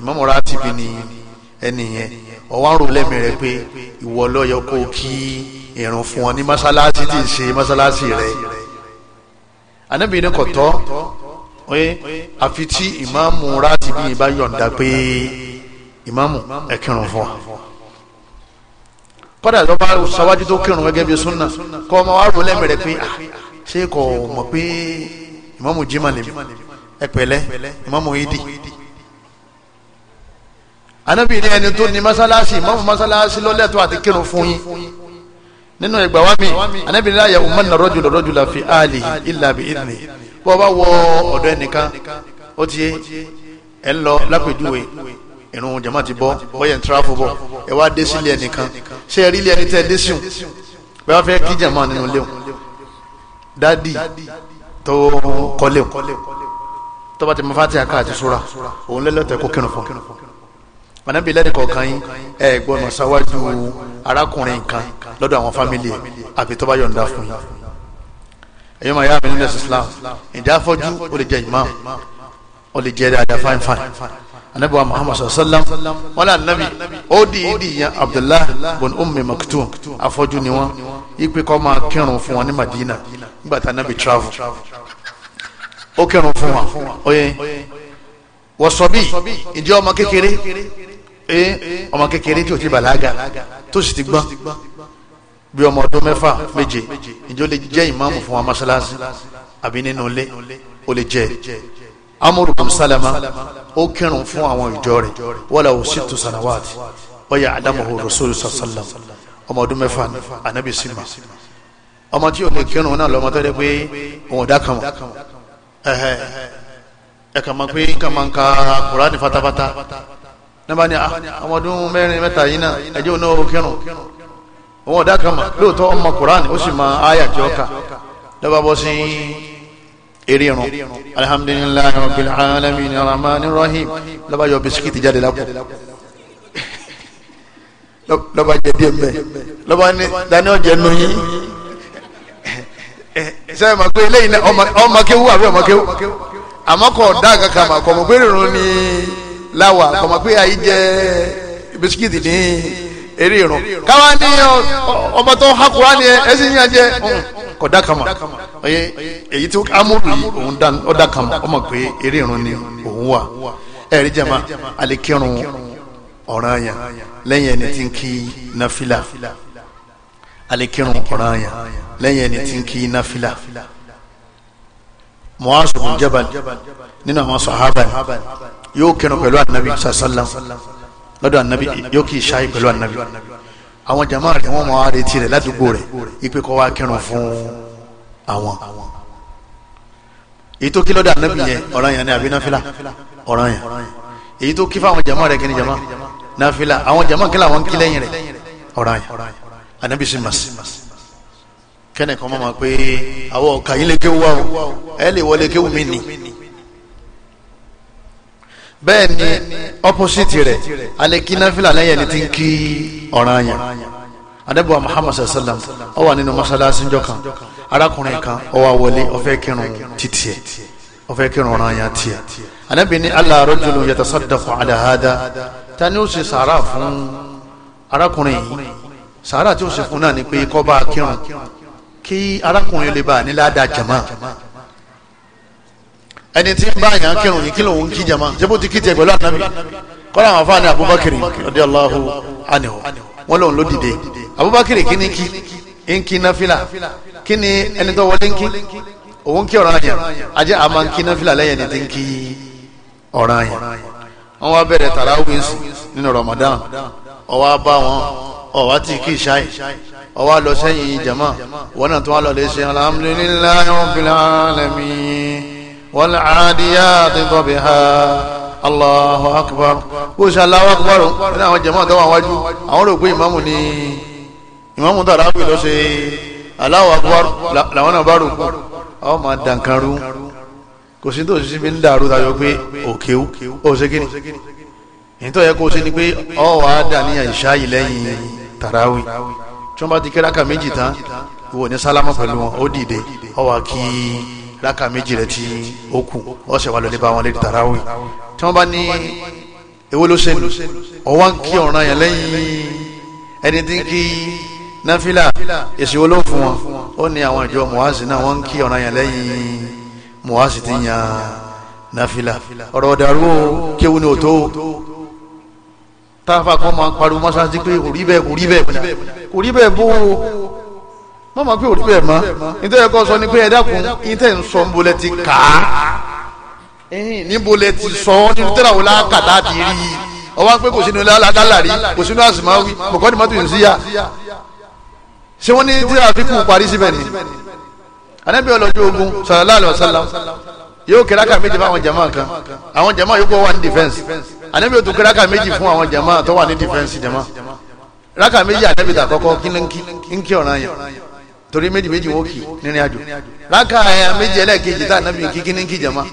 ìmáàmù ratibi ni ẹnìyẹn ọwọ́ ń rò lẹ́mìí rẹ pé ìwọ ló yẹ kó kí irun fún ọ ní mọ́sálásí tí ì ṣe mọ́sálásí rẹ anábìyí ni kò tọ́ oye àfi tí ìmáàmù ráàtì bí ìbá yọ̀ǹda pé ìmáàmù ẹ kírun fún wa kọ́dà lọ́ba ṣáwájú tó kírun gẹ́gẹ́ bí súnà kọ́ ọmọ wa lẹ́mìí rẹ pé ṣé kò mọ̀ pé ìmáàmù jimá lèmi ẹ pẹ̀lẹ́ ìmáàmù ìdí anabi ni ẹni tó ní masalasi mọ́mú masalasi lọ́lẹ́tọ̀ àti kírun fún yín nínú ìgbà wa mi anabi ni láyà umar na rọ́jùlọ rọ́jùlọ fi àlì ilà bi ìdìní bọ́ ọ bá wọ ọ̀dọ̀ ẹnìkan ó ti ẹ̀ ń lọ lápèjúwe ìrun jama ti bọ́ bọ́yẹ̀ ń tirafo bọ̀ ẹ wá dé sílé ẹnìkan ṣé ẹ rí ilé ẹni tẹ́ ẹ dé síun bẹ́ẹ̀ wá fẹ́ kí jama nínú léwu dádì tó kọ́léwu tọ́ba ti mọ fatiha ká àti sura òun lẹ́lẹ́tẹ̀ kó kírun fún un mọ̀nàbí lẹ́nu kọ̀ọ̀kan yín ẹ gbọ́nà sáwájú arákùnrin kan lọ́dọ̀ àwọn fámìlì ẹ̀ àfi tó bá yọ̀ǹda fún yín. ẹ̀yin máa yá mi nílẹ̀ Islam ìdí afọ́jú ó lè jẹ́ imam ó lè jẹ́ dáadáa fáin fáin anabi wa sallam wọn anabi ó di ìdí yan abdullahi bon ummi maktum afọ́jú ni wọn ipe kọ́ máa kírun fún wọn ní madina nígbà tá anabi travel ó kírun fún wọn ó yẹ wọ́n sọ bí ìdí ọmọ kékeré ee ọmọ kékeré tí o ti bàlágà tó sì ti gbọ́n bí ọmọ ọdún mẹ́fà méje ìjọ lè jẹ́ ìmáàmù fún wa mọ́ṣáláṣí àbí nínú ilé o lè jẹ́ amúrù bàmsálàmà ó kírun fún àwọn ìjọ rẹ̀ wọ́lá o sì tu sànàwáàtì ọ̀yà àdàmọ̀hó rasul sàlám ọmọ ọdún mẹ́fà ànábì sima ọmọ tí o lè kírun náà lọ́mọ tó dé pé òun ò dá kan mọ́ ẹ̀hẹ̀ ẹ̀ka máa pé kàmáǹkà kùránì fatafata nígbà ní àwọn ah, ọdún mẹ́rin mẹ́ta yìí náà ẹjẹ́ òun náà kírun òun ọ̀dà kan mà lóòótọ́ ọmọ Kùránì ó sì máa áyà tí ó kà lọ́ba bọ́ sí eré irun alhamdulillahi rabbil alamin rahmanir rahim lọ́ba yọ bisikíìtì jáde lápò lọ́ba jẹ díẹ̀ mbẹ́ lọ́ba ní daniel jẹ nù yín sẹ́yìn máa pé eléyìí ọmọ kéwú àbí ọmọ kéwú àmọ́ kọ̀ ọ̀dà kankan mà kọ̀ mọ̀ pé ìrìn ni. láwà kọ̀mọ̀ pé àyè jẹ bisikíìtì ní eré ìrùn káwá ní ọmọ tó ha kura ni ẹ sì yàn jẹ kọ̀dá kama èyí tí amúlù yìí òun kama ọmọ pé eré ni òun wà ẹ̀rí jẹ́ma alikirun ọ̀ràn yẹn lẹ́yìn ẹni tí ń kí nafila. alikirun ọ̀ràn yẹn lẹ́yìn ẹni tí ń kí yóò kírun pẹ̀lú anabi sallam lọ́dọ̀ anabi yóò kì í ṣáyé pẹ̀lú anabi àwọn jama rẹ̀ wọ́n máa retí rẹ̀ ládùúgbò rẹ̀ ipe kọ́ wá kírun fún àwọn. èyí tó kí lọ́dọ̀ anabi yẹn ọ̀ràn yẹn ni àbí náfìlà ọ̀ràn yẹn èyí tó kí fáwọn jama rẹ̀ kí ni jama náfìlà àwọn jama kí làwọn kí lẹ́yìn rẹ̀ ọ̀ràn yẹn anabi sì mà sí kẹ́nìkan máa ma pé àwọn ọ̀kà yín lè kéwu wa o ẹ lè wọlé kéwu mi nì bẹ́ẹ̀ ni opposite rẹ̀ alekinafila lẹ́yìn ẹni tí ń kí ọ̀ràn yẹn adébọ̀wá muhammad sallam ó wà nínú masalasi njọ kan arákùnrin kan ó wá wọlé ó fẹ́ kírun títí ẹ̀ ó fẹ́ kírun ọ̀ràn yẹn tiẹ̀ anábì ní ala rajulun yatasaddaqu ala hada ta ni ó ṣe sàárà fún arákùnrin yìí sàárà tí ó ṣe fún náà ni pé kó bá kírun kí arákùnrin lè bá nílá dá jama ẹni tí ń bá yàn kírun yìí kí lòun kí jama jẹ́bú ti kí tiẹ̀ pẹ̀lú ànábì kọ́lá àwọn afáàní Abubakar radiyallahu anhu wọn lòun ló dìde Abubakar kí ni kí ń kí náfìlà kí ni ẹni tó wọlé ń kí òun kí ọ̀ràn yẹn ajẹ́ àmà ń kí náfìlà lẹ́yìn ẹni tí ń kí ọ̀ràn yẹn wọn wá bẹ̀rẹ̀ tarawis nínú Ramadan ọwọ́ bá wọn ọwọ́ tí kì ṣáì ọwọ́ lọ sẹ́yìn jama wọn náà tó wá lọ lè ṣe alhamdulillahi rabbil alamin. والعاديات ضبحا الله أكبر bó ṣe Allahu Akbar ní àwọn jẹ̀mọ́ àtọ́wọ́ àwájú àwọn rò pé ìmáàmù ni ìmáàmù tàràwì ló ṣe Allahu Akbar làwọn náà bá rò kú àwọn máa dànkanrú kò sí tó ṣe fi ń dàrú tayọ pé òkèwú ó ṣe kí ni èyí tó yẹ kó ṣe ni pé ọ wà á dà ní àìṣá yìí láka méjì rẹ tí ó kù ọ̀sẹ̀ wà lọ́lẹ́ bá wọn lédi tàràwì tí wọ́n bá ní èwo ló sẹ́nu ọ̀wá ń kí ọ̀ràn yẹn lẹ́yìn ẹni tí ń kí náfìlà èsì wo ló fún wọn ó ní àwọn ìjọ muhazi náà wọ́n kí ọ̀ràn yẹn lẹ́yìn muhazi ti yan náfìlà ọ̀rọ̀ ọ̀dàrú kéwu ni òtó táfà kan máa pariwo mọ́sáàsì pé kò rí bẹ́ẹ̀ kò rí bẹ́ẹ̀ kò rí bẹ́ẹ̀ bó mọ́ mọ́ pé òrùbẹ̀ mọ́ nítorí ẹ̀kọ́ sọ ni pé ẹ dákun nítorí ń sọ níbo lẹ ti kà á níbo lẹ ti sọ nínú tẹ́lá wo láàkà láti rí i ọwọ́ pé kò sínú lálàá rí kò sínú àsìmáwí kòkọ́ ni mọ́tò yìí sí yá ṣé wọ́n ní tẹ́lá fi parí síbẹ̀ ni anábì ọlọ́jọ́ ogun sallallahu alaihi wasallam yóò kẹ́ráka méjì fún àwọn jama kan àwọn jama yóò kọ́ wà ní defense anábì òtún kẹ́ráka méjì fún àwọn jama tó wà ní defense jama ráka méjì anábì tà kọ́kọ́ kí ní kí ọ̀ràn yẹn torí méjì méjì wọn kì nínú àjò láka ẹ̀yà eh, méjì ẹlẹ́ẹ̀kejì tá ànábì kí kí ní kí jama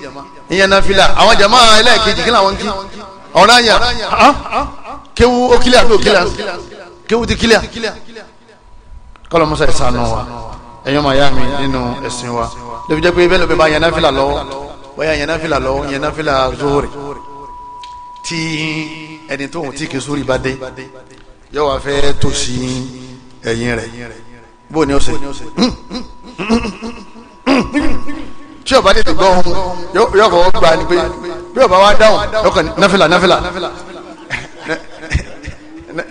ìyẹn náà fila àwọn jama ẹlẹ́ẹ̀kejì kí làwọn kí ọ̀rọ̀ àyà kéwu ó kílíà bí ó kílíà kéwu ti kílíà kọ́lọ̀ musa ẹ̀ sànù wa ẹ̀yọ́ máa yá mi nínú ẹ̀sìn wa lóbi jẹ́ pé bẹ́ẹ̀ ló bẹ bá yẹn náà fila lọ́wọ́ bóyá yẹn náà fila lọ́wọ́ yẹn náà fila zuhuri tí ẹni tó ń tí kì í súrì bá dé yọ wá fẹ́ tó sí ẹ̀yìn rẹ̀ bó ni ó ṣe tí ọba tètè gbọ́ ohun yóò fọwọ́ gba ni pé bí ọba wa dáhùn ọkàn náfìlà náfìlà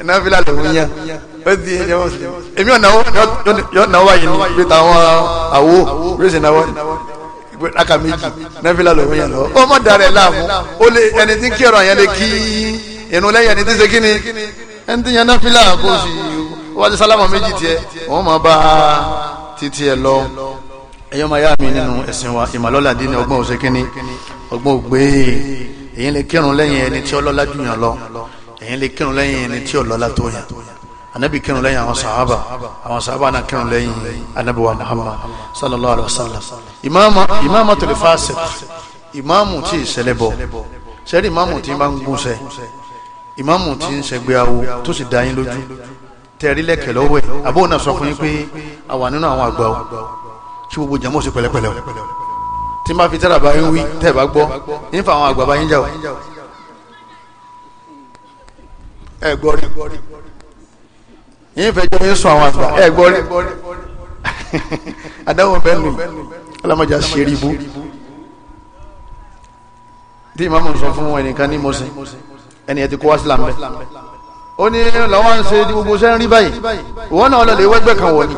náfìlà lòun yẹn ó di ẹyẹ wọn sílẹ̀ èmi ò náwó yóò náwó àyè ni bí táwọn àwo bí ó sì náwó aka méjì náfìlà lòun yẹn lọ ọmọ darẹ láàmú ó lé ẹni tí ń kí ọ̀rọ̀ yẹn lè kí inú lẹ́yìn ẹni tí ń ṣe kí ni ẹni tí yẹn náfìlà kó sì yó wọ́n ti sálámà méjì tiẹ̀ wọ́n máa bá títí ẹ̀ lọ ẹ̀yọ́ máa yá mi nínú ẹ̀sìn wa ìmọ̀lọ́lá dín ní ọgbọ́n òṣèkínní ọgbọ́n ògbé èyí lè kírun lẹ́yìn ẹni tí ọlọ́lá jù lọ èyí lè kírun lẹ́yìn ẹni tí ọlọ́lá tó yàn anabi kírun lẹ́yìn àwọn sahaba àwọn sahaba náà kírun lẹ́yìn anabi wa Muhammad sallallahu alaihi wa sallam ìmáàmù tó lè fa àṣẹ ìmáàmù tí ì ṣẹlẹ̀ bọ̀ sẹ́rí ìmáàmù tí ń bá ń gúnṣẹ́ ìmáàmù tí ń ṣẹgbẹ́ awo tó sì dá yín lójú tẹ̀rí lẹ́kẹ̀ lọ́wọ́ ẹ̀ àbó náà sọ fún yín pé a wà nínú àwọn àgbà o tí gbogbo jẹ́ mọ̀ọ́sí pẹ̀lẹ́pẹ̀lẹ́ o tí n bá fi tẹ́lẹ̀ bá yín wí tẹ́ bá gbọ́ yín fa àwọn àgbà bá yín jà o ẹ gbọ́ rí yín fẹ́ jẹ́ yín sọ àwọn àgbà ẹ gbọ́ rí adáwọ̀ bẹ́ẹ̀ nù ọlọ́mọdé àṣírí ibú tí ìmáàmù sọ fún ẹnìkan ní mọ́sí ẹnìyẹn ó ní lọ́wọ́ ń ṣe gbogbo ṣe ń rí báyìí ìwọ náà lọ lè wẹ́gbẹ́ kan wọ̀ ni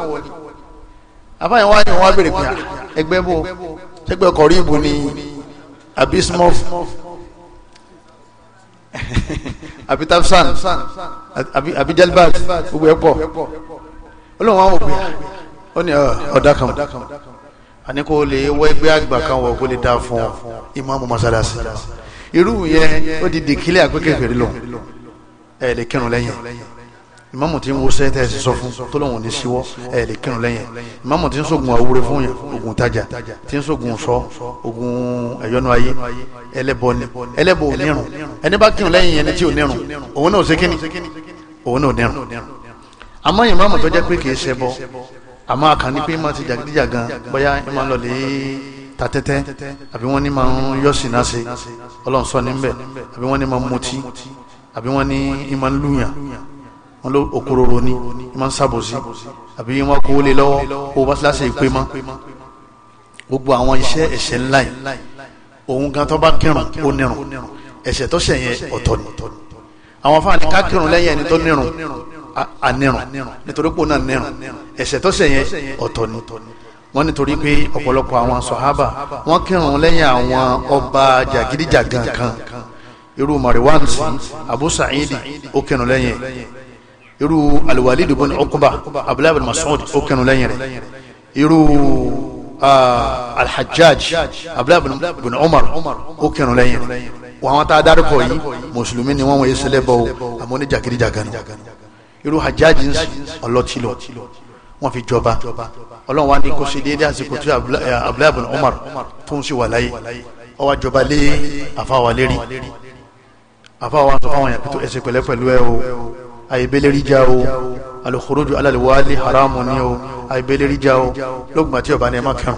àbáyọ̀ wá ní wọ́n á bèrè pé ẹgbẹ́ bò ṣẹgbẹ́ ọkọ̀ rí ibu ni àbí smurf àbí tafsan àbí jalbat gbogbo ẹ̀ pọ̀ olóhùn wọn wò pé ó ní ọ̀dà kan àní kò lè wọ ẹgbẹ́ àgbà kan wọ̀ kó lè dáa fún ìmáàmù mọ́sálásí irú yẹn ó di dìkílẹ̀ àgbẹ̀kẹ̀fẹ̀ lọ́wọ́ ẹ lè kírun lẹ́yìn ìmáàmù tí ń wọṣẹ́ tẹ́ ẹ sì sọ fún tó lóun ní síwọ́ ẹ lè kírun lẹ́yìn ìmáàmù tí ń sọ̀gùn àwúre fún yẹn ògùn tajà tí ń sọ̀gùn sọ ògùn ẹ̀yọ́nú ayé ẹlẹ́bọ ni ẹlẹ́bọ ò nírun ẹni bá kírun lẹ́yìn ẹni tí ò nírun òun náà ò ṣe kíni òun náà ò nírun àmọ́ ìmáàmù tó jẹ́ pé kì í ṣe bọ́ àmọ́ àkànní pé má ta tẹ́tẹ́ àbí wọ́n ní máa ń yọ̀ sí náà sọ ní bẹ́ẹ̀ àbí wọ́n ní máa ń mutí àbí wọ́n ní ìmọ̀ ń lùyàn wọ́n ló òkúròrò ní ìmọ̀ ń sàbòsí àbí wọ́n kó lè lọ́wọ́ kó bá láṣẹ ìpè mọ́ gbogbo àwọn iṣẹ́ ẹ̀ṣẹ̀ ńlá yìí òun gan tó bá kírun ó nírun ẹ̀ṣẹ̀ tó ṣẹ̀ ọ̀tọ̀ ni àwọn fáàní ká kírun lẹ́yìn ẹni tó nírun anírun nítorí pé náà nírun ẹ̀ṣẹ̀ tó ṣẹ̀ yẹn ọ̀tọ̀ ni wọ́n nítorí pé ọ̀pọ̀lọpọ̀ àwọn sọ̀hábà wọ́n kírun lẹ́yìn àwọn ọba jàgídíjàgan kan irú mariwan sí abu sa'idi ó kẹnu lẹ́yìn irú alwalid ibn uqba abdullahi ibn mas'ud ó kẹnu lẹ́yìn rẹ̀ irú alhajjaj abdullahi ibn umar ó kẹnu lẹ́yìn rẹ̀ àwọn tá a dárúkọ yìí mùsùlùmí ni wọ́n wọ̀nyí sílẹ̀ bọ́ àmọ́ ní jàgídíjàgan irú hajjaj ń sìn ọlọ́tí lọ wọ́n fi jọba ọlọ́run wa ní kó ṣe déédéé àsìkò tí abdullahi ibn umar tó ń ṣe wà láyé ó jọba lé àfáwà lérí àfáà wa sọ fáwọn yàtọ̀ tó ẹsẹ̀ pẹ̀lẹ́ pẹ̀lú ẹ o àyèbélérí já o alùkòròjù alàlùwálì haramu ni o àyèbélérí já o lóògùn àti ọ̀bá ni ẹ má kẹrùn.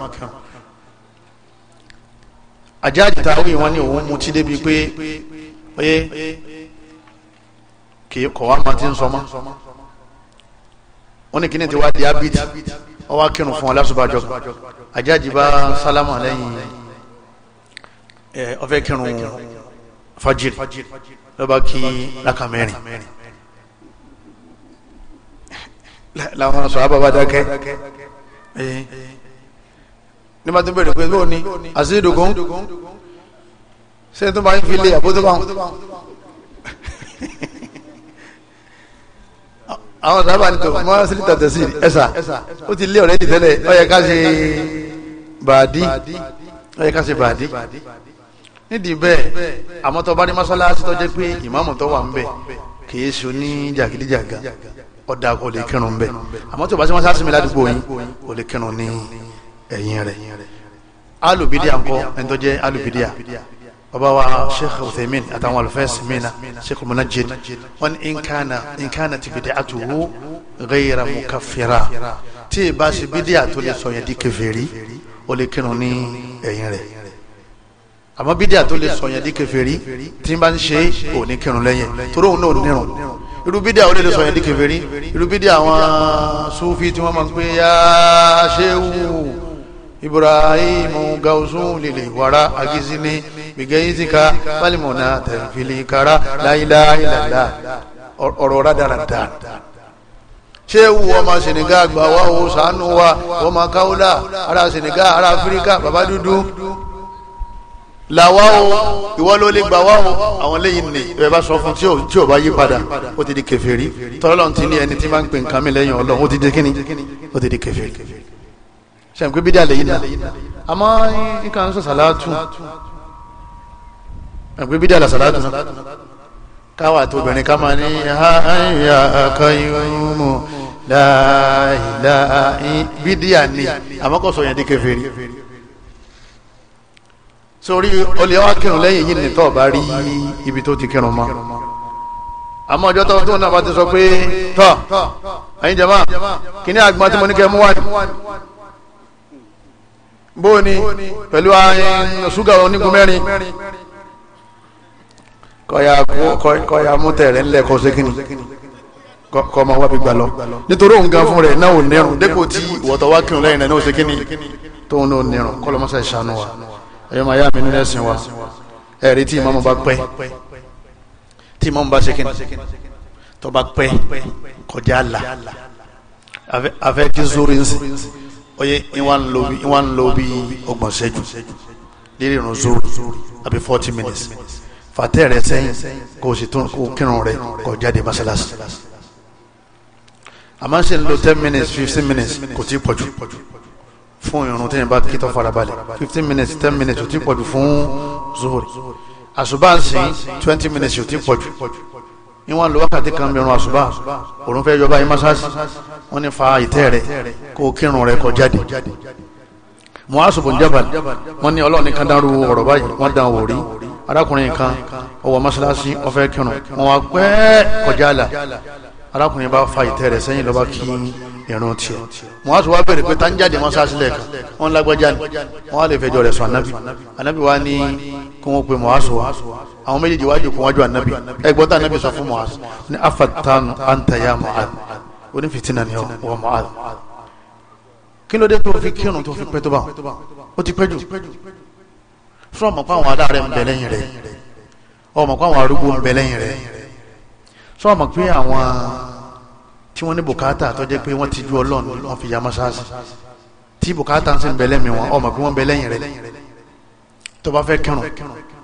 àjáàjì ta wí wọn ní òun mutí débi pé oyé kì í kọ̀ wá máa ti ń sọmọ́ wọn ní kíní ti wá di abiti wọn wá kírun fún ọ lásùbàjọ àjáàjì bá sálámà lẹ́yìn ọ̀fẹ́ kírun fajiri lọ́ba kí laka mẹ́rin làwọn sọ ababa dákẹ́ eh. Eh. ní ma bẹ̀rẹ̀ pé bó ni àṣìdògún ṣé tó bá ń fi lé àbótó kan àwọn sábà ní tó mọ́ sílítà tẹ̀sí ẹ̀sà ó ti lé ọ̀rẹ́dì tẹ́lẹ̀ ó yẹ ká ṣe bàdí ó ṣe bàdí nídìí bẹ́ẹ̀ àmọ́ tó bá ní mọ́sálásí tó jẹ́ pé ìmáàmù tó wà ń bẹ̀ kìí ṣe ní jàgídíjàgá ọ̀dà kò lè kírun bẹ́ẹ̀ àmọ́ tó bá sí mọ́sálásí mi ládùúgbò yín kò kírun ní ẹ̀yìn rẹ̀ alùbídíà ńkọ́ ẹni tó jẹ́ alùbídíà bàbá wa sheikh uthaymin àtàwọn alufẹ́sì mina sheikh munajid wọn ní nkánà nkánà ti bìdí àtúwò ghayra mukaffira tí ì bá ṣe bídíà tó lè sọ yẹn di kèfèrí ó kírun ní ẹ̀yìn rẹ̀ àmọ́ bídíà tó lè sọ̀yàn di kèfèrí tí n bá ń ṣe òní kírun lẹ́yìn torí òun náà ò nírun irú bídíà ó lè sọ̀yàn di kèfèrí irú bídíà àwọn sufi tí wọ́n máa ń pè ya ṣéwù ibrahim gausun lèlè wàrà agizini bìgẹ́yìntìka pálímọ̀nà tẹ̀fìlìkara láìláìlàlá ọ̀rọ̀ rádaràdà ṣéwù ọmọ Senegal gbà wá o ṣàánú wa ọmọ kaula ará Senegal ará Áfíríkà bàbá dúdú làwa o ìwọ ló lè gbà wá o àwọn lẹ́yìn ni ẹ bá sọ fún tí ò bá yí padà ó ti di kèfèrí tọ́lọ́n ti ní ẹni tí máa ń pè nǹkan mi lẹ́yìn ọlọ́run ó ti di kíni ó ti di kèfèrí sẹ́yìn pé bídà lẹ́yìn náà àmọ́ nǹkan sọ sàlátù sẹ́yìn pé bídà là náà káwà tó obìnrin ká máa ní àyà àkànyìmọ̀ láìláì bídíà ni àmọ́kọ̀sọ̀ yẹn di kèfèrí sórí olè wa kírun lẹ́yìn yìí nìtọ́ bá rí ibi tó ti kírun mọ́ àmọ́ ọjọ́ tó tó náà bá ti sọ pé tọ́ ẹ̀yin jẹ̀mọ́ kíní àgbọn tí mo ní kẹ́ mú wá ní bóni pẹ̀lú ṣúgà onígun mẹ́rin kọ́ya mú tẹ̀rẹ̀ ńlẹ̀ kọ́ sí kíni kọ́ ọmọ wá gbígbà lọ nítorí òun gan fún rẹ̀ náà ò nírun dépò tí ìwọ́tọ̀ wá kírun lẹ́yìn rẹ̀ náà ò sí tóun náà ò nírun kọ́lọ́mọ́sá ìṣàánú wa ẹ̀yọ́ máa yá mi nínú ẹ̀sìn wa ẹ̀rí tí ìmọ̀mù bá pẹ́ tí ìmọ̀mù bá ṣekin tó bá pẹ́ kọjá àlà afẹ́ kí zórí nsì oye ìwà ń lo bí ọgbọ̀n ṣẹ́jú lílì irun zórí àbí forty minutes fàtẹ́ rẹ sẹ́yìn kò sì tún kó kírun rẹ kó jáde mọ́ṣáláṣí àmọ́ ṣe ń lo ten minutes fifteen minutes kò tí ì pọ̀jù fún irun tí yẹn bá kí tó farabalẹ̀ fifteen minutes ten minutes ò ti pọ̀jù fún zuhuri àṣùbà ń sìn twenty minutes ò ti pọ̀jù níwọ̀n lo wákàtí kan bí irun àṣùbà òun fẹ́ yọba yín mọ́ṣáàṣì wọ́n ní fa ìtẹ́ rẹ̀ kó o kírun rẹ̀ kó jáde muhasu bun jabal wọ́n ní ọlọ́ọ̀ni kan dárú ọ̀rọ̀ báyìí wọ́n dán wò rí arákùnrin kan ó wọ mọ́ṣáláṣí ó fẹ́ kírun wọ́n wá pẹ́ kọjá àlà arákùnrin bá fa ìtẹ́ rẹ̀ sẹ́yìn lọ́ba kí irun tiẹ̀ wọ́n á tún wá bèrè pé tá ń jáde mọ́sáàsì lẹ́ẹ̀kan wọ́n lágbájá ni wọ́n á lè fẹjọ́ rẹ̀ sọ ànábì ànábì wa ní kí wọ́n pe mọ́àsù wa àwọn méjèèjì wájú kún wájú ànábì ẹgbọ́n tá ànábì sọ fún mọ́àsù ní afatanu antaya mọ́àd onífìtínà ni wọ́n mọ́àd kí ló dé tó fi kírun tó fi pẹ́ tó bá ó ti pẹ́ jù fún ọmọ pàwọn adáàrẹ ń bẹ lẹ́yìn rẹ̀ ọmọ pàwọn arúgbó ń bẹ lẹ́yìn rẹ̀ sọ ọmọ pé àwọn tí wọ́n ní bùkátà tó jẹ́ pé wọ́n ti ju ọlọ́run wọ́n fi ya mọ́sáàsì tí bùkátà ń sì ń bẹ lẹ́mìí wọn ọmọ pé wọ́n bẹ lẹ́yìn rẹ̀ tó bá fẹ́ kírun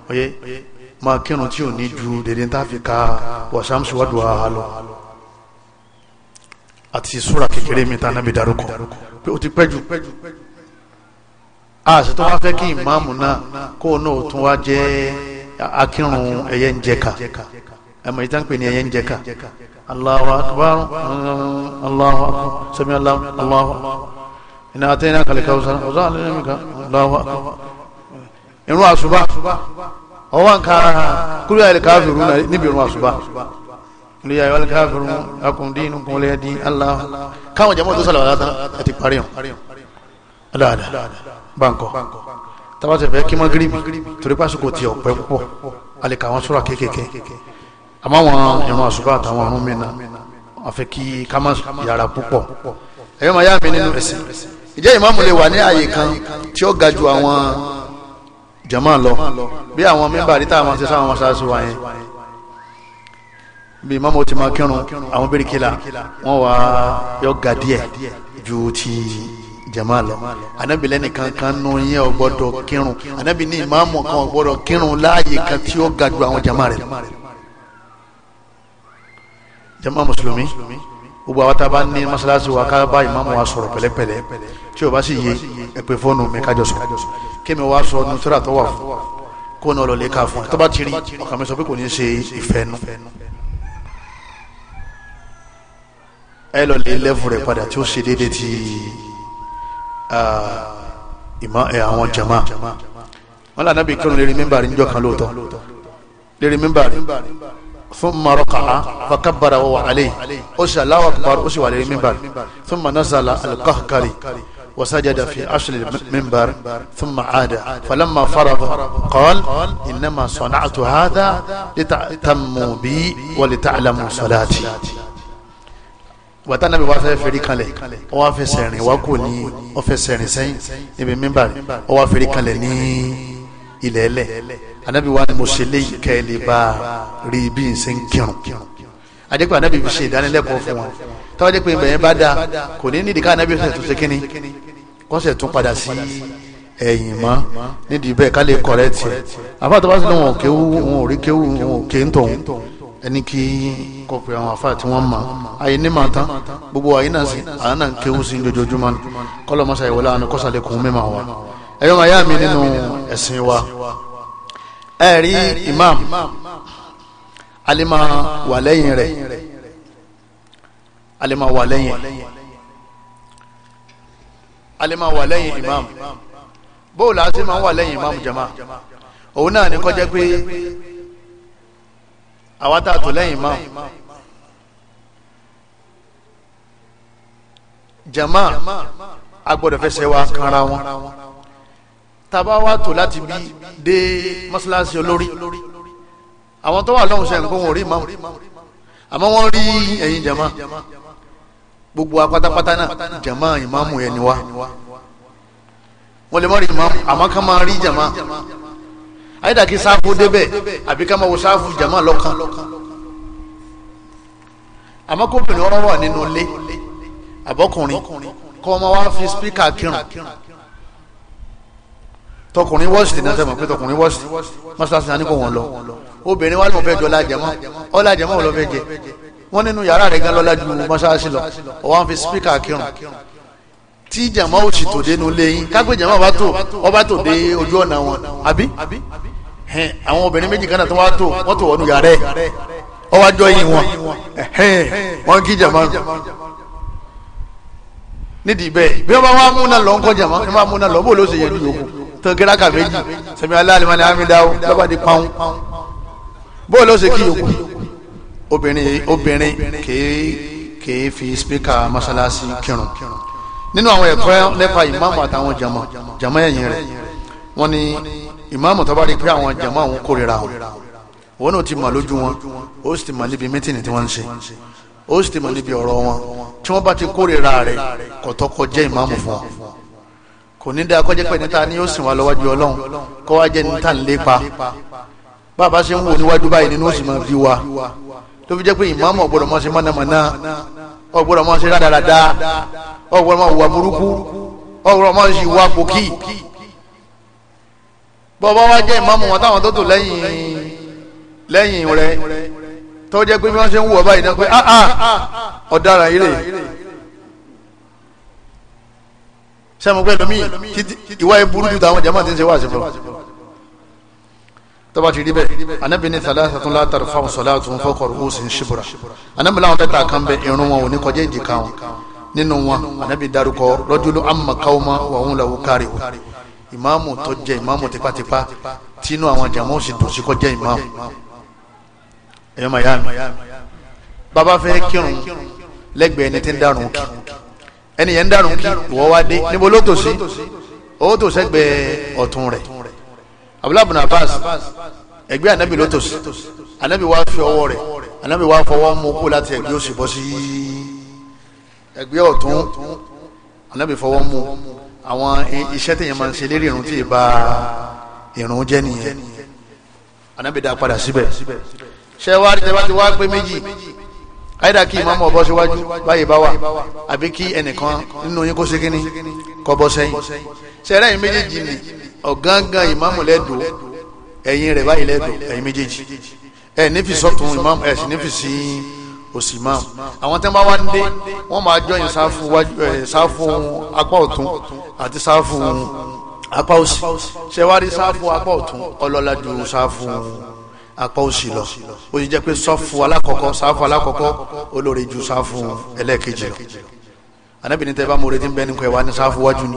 oyè máa kírun tí ò ní ju dèdè tá a fi ka wàsámsì wàdù àhà lọ àti súra kékeré mi tá a nábì pé o ti pẹ́ a sì tó wá fẹ́ kí ìmáàmù náà kó o náà tún wá jẹ́ akírun ẹ̀yẹ ń jẹ́ka ẹ̀mọ̀ ìtàn pè ní ẹ̀yẹ ń jẹ́ka Allahu akbar Allahu akbar sami Allahu Allahu iná àtẹ́yìn kàlẹ́kàwùsàn ọ̀zọ́ àlẹ́yìnmíkà Allahu akbar irun àṣùbà ọwọ́ nǹkan kúrò àìlẹ́kàáfìrún níbi irun àṣùbà ilé ayọ̀ alikaafiru akundin kunle di Allah káwọn jẹmọ tó sọlọ wà látà àti parí hàn aláàdá bankọ tabatẹ fẹ kí magiribi torí pásítọ tí ọpẹ púpọ̀ alikawọn sọ̀rọ̀ kéékèèké àmọ́ àwọn ìrun àṣùbà àtàwọn ọ̀run mìíràn àfi kí ká má yára púpọ̀ ẹ̀yọ́ máa yá mi nínú ẹ̀sìn ìjẹ́ ìmáàmù lè wà ní àyè kan tí ó ga ju àwọn jàmáà lọ bí àwọn mẹ́mbà rí táwọn ṣe sáwọn mọ́ṣáláṣí wa yẹn bí ìmáàmù ti máa kírun àwọn bíríkìlà wọ́n wá yọ ga díẹ̀ ju ti jàmáà lọ anábì lẹ́nìkan kan nù yẹn ò gbọ́dọ̀ kírun anábì ní ìmáàmù kan ò gbọ́dọ̀ kírun láàyè kan tí ó ga ju àwọn jàmáà rẹ̀ lọ jàmá mùsùlùmí gbogbo àwọn tá a bá ní masalasi wa ká bá ìmáàmù wa sọ̀rọ̀ pẹ̀lẹ́pẹ̀lẹ́ tí o bá sì yé ẹ̀pẹ̀ fóònù mi kájọ sọ kémi wa sọ nùtúrà tó wà fún kó ní ọlọ́lẹ̀ ká fún ẹ tó bá ti rí ọkàn mi sọ pé kò ní ṣe ìfẹ́ nu ẹ lọ́lẹ̀ lẹ́fù rẹ̀ padà tí ó ṣe déédéé ti àwọn jàmá wọn lànà bí kírun lérí mímbàrí níjọ kan lóòótọ́ lérí mímbàrí ثم رقع فكبر وهو عليه أشى الله أكبر أشى على المنبر ثم نزل القهقري وسجد في أصل المنبر ثم عاد فلما فرغ قال إنما صنعت هذا لتأتموا بي ولتعلموا صلاتي wàtánà bí wàá fẹ́ fèrè kalẹ̀ ọ wàá fẹsẹ̀ rìn wá kò ní ọ fẹsẹ̀ rìn sẹ́yìn níbi mímbà ọ wàá fèrè kalẹ̀ ní ilẹ̀ ẹlẹ̀ anabi wa ni mo ṣe léyìí kẹ́ ẹ lè bá rí bí n ṣe ń kírun àdékò anabi fi ṣe ìdánilẹ́kọ̀ọ́ fún wa táwọn dẹ́kun ibẹ̀ yẹn bá da kò ní nídìí ká anabi ṣe tún ṣe kínní kó ṣe tún padà sí ẹ̀yìn mọ́ nídìí bẹ́ẹ̀ ká lè kọ̀rẹ́ tiẹ̀ àfa tó bá sì ní wọn ò kéwú wọn ò rí kéwú wọn ò ké ń tòun ẹni kí kọpẹ àwọn afa tí wọn mọ àyè ní màá tán gbogbo àyè náà sí àyè náà ń kéwú sí lójoojúmọ́ kọlọmọsà ìwọlá àni kọsàlẹkùn mímọ wa ẹyọ màá yá mi nínú ẹsìn wa ẹ rí imam alima wà lẹ́yìn rẹ̀ alima wà lẹ́yìn alima wà lẹ́yìn imam bóòlù ma ń wà lẹ́yìn imam jama òun náà ni kọjá pé àwa lẹ́yìn imam jama agbọ́dọ̀ fẹsẹ̀ wa kanra wọn. tàbá wà tó láti bí dé mọ́ṣáláṣí olórí àwọn tó wà lọ́hùn sẹ́yìn kó wọn ò rí ìmáàmù àmọ́ wọ́n rí ẹ̀yìn jama gbogbo apátápátá náà jama ìmáàmù ẹni wa wọ́n lè mọ́ rí ìmáàmù àmọ́ ká máa rí jama ayédàkí sáfù débẹ̀ àbí ká máa wo sáfù jama lọ́kàn àmọ́ kóbìnrin ọ̀rọ̀ wà nínú ilé àbọ́kùnrin kọ́ ọmọ wa fi spíkà kírun tọkùnrin wọ́ọ̀sì náà sẹ́mọ̀ pé tọkùnrin wọ́ọ̀sì mọ́sálásí náà ní kò wọ́n lọ obìnrin wa ló fẹ́ jọ lájẹmọ́ ọlájẹmọ́ wọn ló fẹ́ jẹ wọ́n nínú yàrá rẹ̀ gan lọ́la ju mọ́sálásí lọ ọ̀wá ń fi spíkà kírun tí jàmọ́ ò sì tò dénú léyìn kágbé jàmọ́ ọba tó ọba tó dé ojú ọ̀nà wọn àbí àwọn obìnrin méjì kan náà tó wá tó wọ́n tó wọnú yàrá ẹ̀ ọwọ́ àjọ yìí wọn wọ́n kí jàmọ́ nídìí bẹ́ẹ̀ bí wọ́n bá wá múná lọ ńkọ́ jàmọ́ bí wọ́n bá múná lọ bó ló ṣe yẹ ju yòókù tán kíráka méjì sẹmi aláàlímọ́ ni amídáwó lọ́ba di pọ́n bóòlù ó ṣe kí yòókù obìnrin obìnrin kìí kìí fi spíkà mọ́ṣáláṣí kírun nínú àwọn ẹ̀kọ́ nípa ìmáàmù àtàwọn jàmọ́ jàmọ́ ẹ̀yìn rẹ̀ wọ́n ní ìmáàmù tó bá rí pé àwọn jàmọ́ àwọn kórìíra wọn òun náà ti mọ̀ lójú wọn ó sì ti mọ̀ níbi mítìnì tí wọ́n ń ṣe ó sì ti mọ̀ níbi ọ̀rọ̀ wọn tí wọ́n bá ti kórìíra rẹ̀ kọ̀tọ́kọ jẹ́ ìmáàmù fún wọn kò ní dáa kọjá pé níta ni yóò sìn wá lọ́wọ́jú ọlọ́run kọ́ wá jẹ́ níta ń lépa bàbá ṣe ń wò níwájú báyìí nínú òsì máa bí wa tó fi jẹ́ pé ìmáàmù ọ̀gbọ́dọ̀ mọ́ ṣe mọ́nàmọ́ná ọ̀gbọ́dọ̀ mọ́ ṣe rádaràda ọ̀gbọ́dọ̀ mọ́ wà burúkú ọ̀gbọ́dọ̀ mọ́ ṣe wà pòkì bọ́bá wá jẹ́ ìmáàmù wọn táwọn tó tò lẹ́yìn lẹ́yìn rẹ̀ tó jẹ́ pé bí wọ́n ṣe ń wò báyìí náà pé ah, ah, ọ̀daràn yìí rèé sẹ́mu pé lomi ìwà yẹn burú ju tàwọn jama ti ń ṣe wá sí fún tọ́ba ti rí bẹ́ẹ̀ anabi ní thalatha tún látàrí fáwọn sọlá tún fọkọ̀ rúkú sí ṣibura anabi láwọn mẹ́ta kan bẹ irun wọn ò kọjá èjìká wọn nínú wọn anabi dárúkọ rọ́júlù amma qauma wa hum lahu karihun ìmáàmù tó jẹ ìmáàmù tipátipá tínú àwọn jàmọ́ sì dùn sí kọjá ìmáàmù ẹ̀yọ́ mayami bàbá fẹ́ kírun lẹ́gbẹ̀ẹ́ ẹni tí ń dárun kí ẹni yẹn ń dànù kí ìwọ wá dé níbo ló tò sí ó tò sẹ́gbẹ̀ẹ́ ọ̀tún rẹ̀ abdullahi bin abbas ẹgbẹ́ anabi ló tò sí anabi wá fi ọwọ́ rẹ̀ anabi wá fọwọ́ mú kó láti ẹgbẹ́ òsì bọ́ sí ẹgbẹ́ ọ̀tún anabi fọwọ́ mú àwọn iṣẹ́ tẹ̀yẹ̀ máa ń ṣe lérí irun tí ì bá irun jẹ́ nìyẹn anabi dá padà síbẹ̀ ṣé wàá rí tẹ́ ti wá pé méjì àyídà kí ìmáàmù ọ̀bọ síwájú báyìí bá wà àbí kí ẹnìkan nínú yín kó sékíní kọ́ bọ́ sẹ́yìn sẹ́rẹ́ yìí méjèèjì ni ọ̀gángan ìmáàmù lẹ́dùn ẹ̀yìn rẹ̀ báyìí lẹ́dùn ẹ̀yìn méjèèjì ẹ̀ nífi sọ́tún ìmáàmù ẹ̀ sì nífi sí òsì ìmáàmù àwọn tẹ́ ń bá wá ń dé wọ́n máa jọyìn sáfù apá ọ̀tún àti sáfù apá òsì ṣẹ́wárí sáfù apá ọ̀tún ọlọ́lá ju sáfù apá òsì lọ ó sì jẹ́ pé sọ́fù alákọ̀ọ́kọ́ sáfù alákọ̀ọ́kọ́ olórí ju sáfù ẹlẹ́ẹ̀kejì lọ anábì ní tẹ́lifá mòretí ń bẹ ní kọ́ ẹ̀wá ní sáfù wájú ni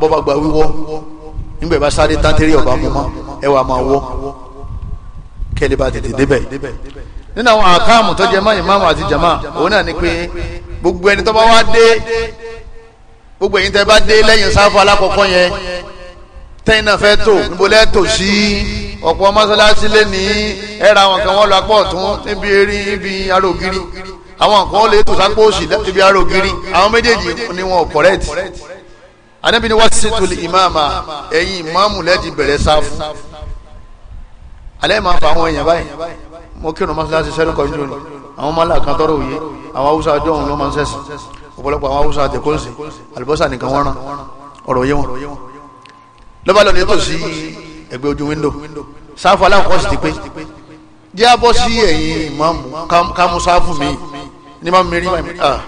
bọ́ba gba wíwọ́ nígbà ìbá sáré tántẹ́rì ọ̀bá mu mọ́ ẹwà máa wọ́ kẹ́lẹ́ bá tètè débẹ̀ nínú àwọn àkáàmù tó jẹ mọ́ ìmáàmù àti jàmá òun náà ni pé gbogbo ẹni tó bá wá dé gbogbo ẹ̀yin tẹ́ bá dé lẹ́yìn sáfù alákọ̀ọ́kọ́ yẹn tẹ́yìn náà fẹ́ tò níbo lẹ́ tò sí ọ̀pọ̀ mọ́sálásí lé ní ẹ̀rọ àwọn kan wọ́n lọ apọ̀ tún níbi eré ibi aró ògiri àwọn kan lè tò sápò òsì ibi aró àwọn méjèèjì ni wọn correct Ànábì ni wasitu li imama ẹ̀yin ìmáàmù lẹ́ẹ̀dì bẹ̀rẹ̀ sáfù alẹ́ máa fa àwọn èèyàn báyìí mo kírun mọ́sálásí sẹ́nu kan jù ní àwọn mọ́lá kan tọrọ òye àwọn haúsá ọjọ́ òun ló máa ń sẹ́sìn ọ̀pọ̀lọpọ̀ àwọn haúsá àtẹ̀kọ́sì àlùbọ́sà nìkan wọ́n rán ọ̀rọ̀ yé wọn lọ́ba lọ́ni tó sí ẹgbẹ́ ojú windo sáfù aláǹkọ́ sì ti pé jẹ́ abọ́ sí ẹ̀yìn ìmáàmù kámú sáfù mi ní máa mi ah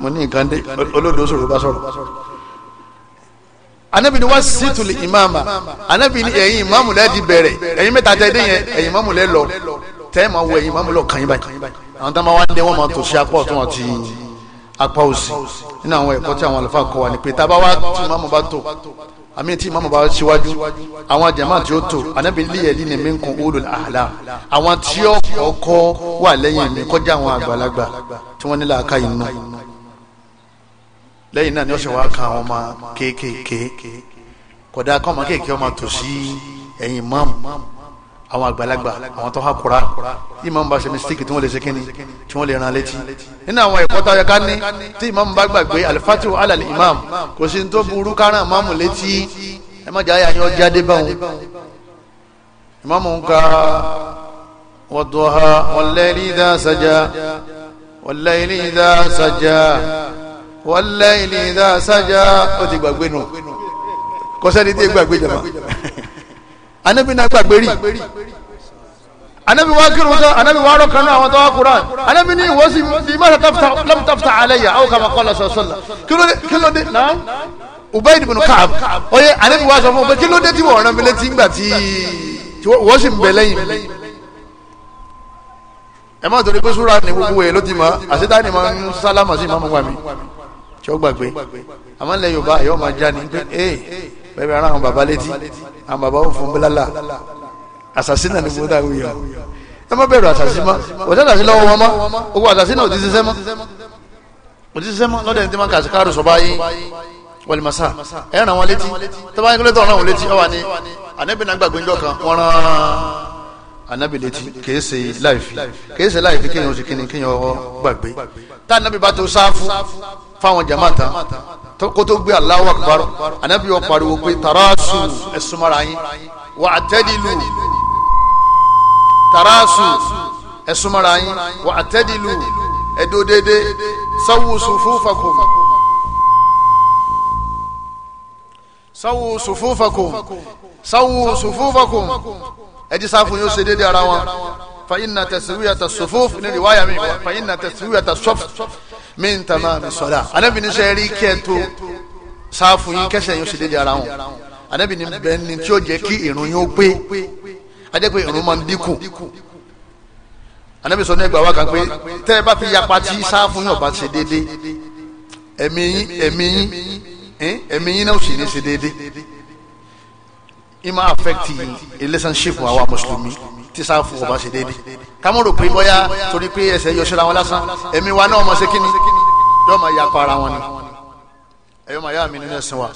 mo ní nǹkan dé olódò sọ̀rọ̀ bá sọ̀rọ̀ anabi ni wa situli imama anabi ni ẹ̀yin ìmáàmù lẹ́ẹ̀dì bẹ̀rẹ̀ ẹ̀yin mẹ́ta tẹ́ dé yẹn ẹ̀yin ìmáàmù lẹ́ẹ̀ lọ tẹ́ máa wọ ẹ̀yin ìmáàmù lọ kàn yín báyìí àwọn táwọn wá ń dé wọn máa tòṣì apá ọ̀tún àti apá òsì nínú àwọn ẹ̀kọ́ tí àwọn àlùfáà kọ́ wa ni pé tá a bá wá tún ìmáàmù bá tó àmì mama màmá bá ṣíwájú àwọn jama tí ó tò anabi liyẹli ni mi kun olùlà àhàlà àwọn tí ó kọ́kọ́ wà lẹ́yìn mi kọjá àwọn àgbàlagbà tí wọ́n nílò aka inú lẹ́yìn náà ni ó sì wá kan àwọn ọmọ kéékèèké kódà kọ́ ọmọ kéékèèké ọmọ tòsí ẹ̀yìn mọ́mù àwọn àgbàlagbà àwọn tó há kura imam bá ṣe mistake tí wọ́n lè ṣe kíni tí wọ́n lè ran létí nínú àwọn ẹ̀kọ́ tó yẹ ká ní tí imam bá gbàgbé alifatihu alali imam kò sí tó burú kárán imamu létí ẹ má jẹ́ àyàn jáde báwọn imamu ń ka wàdúhà wàlẹ́rì dá sàjà wàlẹ́rì dá sàjà wàlẹ́rì dá sàjà ó ti gbàgbé nù kọ́sẹ́ni tí gbàgbé jàmbá anabi náà gbàgbé rí anabi wa kírun tán anabi wa rọ kanú àwọn tó wá kuran anabi ní ìwọ sí bí má lam tafta alayya aw kama qala sọsọlá kílódé kílódé náà ubayd bin kaab oye anabi wa sọ fún mi kílódé tí wọn rán mi létí ńgbà tí wọ́n sì ń bẹ lẹ́yìn mi ẹ má torí pé súra ní gbogbo ẹ ló ti mọ àṣetá ni máa ń sálámà sí ìmọ̀ mọ́ wa mi tí ó gbàgbé àmọ́ ilẹ̀ yorùbá yóò máa já ni pé ee. Eh, bẹ́ẹ̀ rán àwọn bàbá létí àwọn bàbá ò fún bílálà àṣàṣì náà ní gbogbo táwọn èèyàn ẹ má bẹ̀rù àṣàṣì mọ́ kò sí àṣàṣì lọ́wọ́ wọn mọ́ owó àṣàṣì náà ò ti ṣiṣẹ́ mọ́ ò ti ṣiṣẹ́ mọ́ lọ́dẹ̀ tí wọ́n kà sí káàrò sọ́ba yín wọlé masa ẹ ràn wọn létí tọ́ba yín kílódé ọ̀ràn wọn létí ọ̀wà ni ànábì náà gbàgbé ńjọ kan wọ́n rán ànábì létí kìí ṣe láìfi kìí ṣe láìfi kéèyàn oṣù kìíní kéèyàn ọwọ́ gbàgbé tá ànábì bá tó sáfù fáwọn jàmáà tán kó tó gbé Allahu Akbar anabi yóò pariwo pé tarasu ẹ̀sùnmọ́ra yín wà á tẹ́lílù tarasu ẹ̀sùnmọ́ra yín wà á tẹ́lílù ẹ̀dọ́ dédé sawu sufufakum sawu sufufakum sawu sufufakum ẹ̀dí sáfù yóò ṣe dédé ara wọn fa inna taswiyata sufuf ní riwaya mi fa inna taswiyata sufuf min tamami sọla anabi ni sẹ ẹri kẹ to sáfù yín kẹsẹ̀ yín ó sì dédé ara wọn anabi ni bẹ́ẹ̀ ni tí ó jẹ́ kí irun yín ó pé ajẹ́ pé irun máa ń dínkù anabi sọ ní ẹgbàá wa kan pé tẹ́ ẹ fi yapa tí sáfù yín ọba ṣe dédé ẹ̀mí yín ẹ̀mí yín ẹ̀mí yín náà ó sì ní ṣe dédé ima affect relationship wa wa mùsùlùmí tí sáfù ò bá ṣe déédé kámọ́ rò pé bóyá torí pé ẹsẹ̀ yọ ṣọ́ra wọn lásán ẹ̀mí wa náà mọ̀ ṣe kíni yóò máa yapa ara wọn ni ẹ̀yọ́ máa yá mi nínú ẹ̀sìn wa.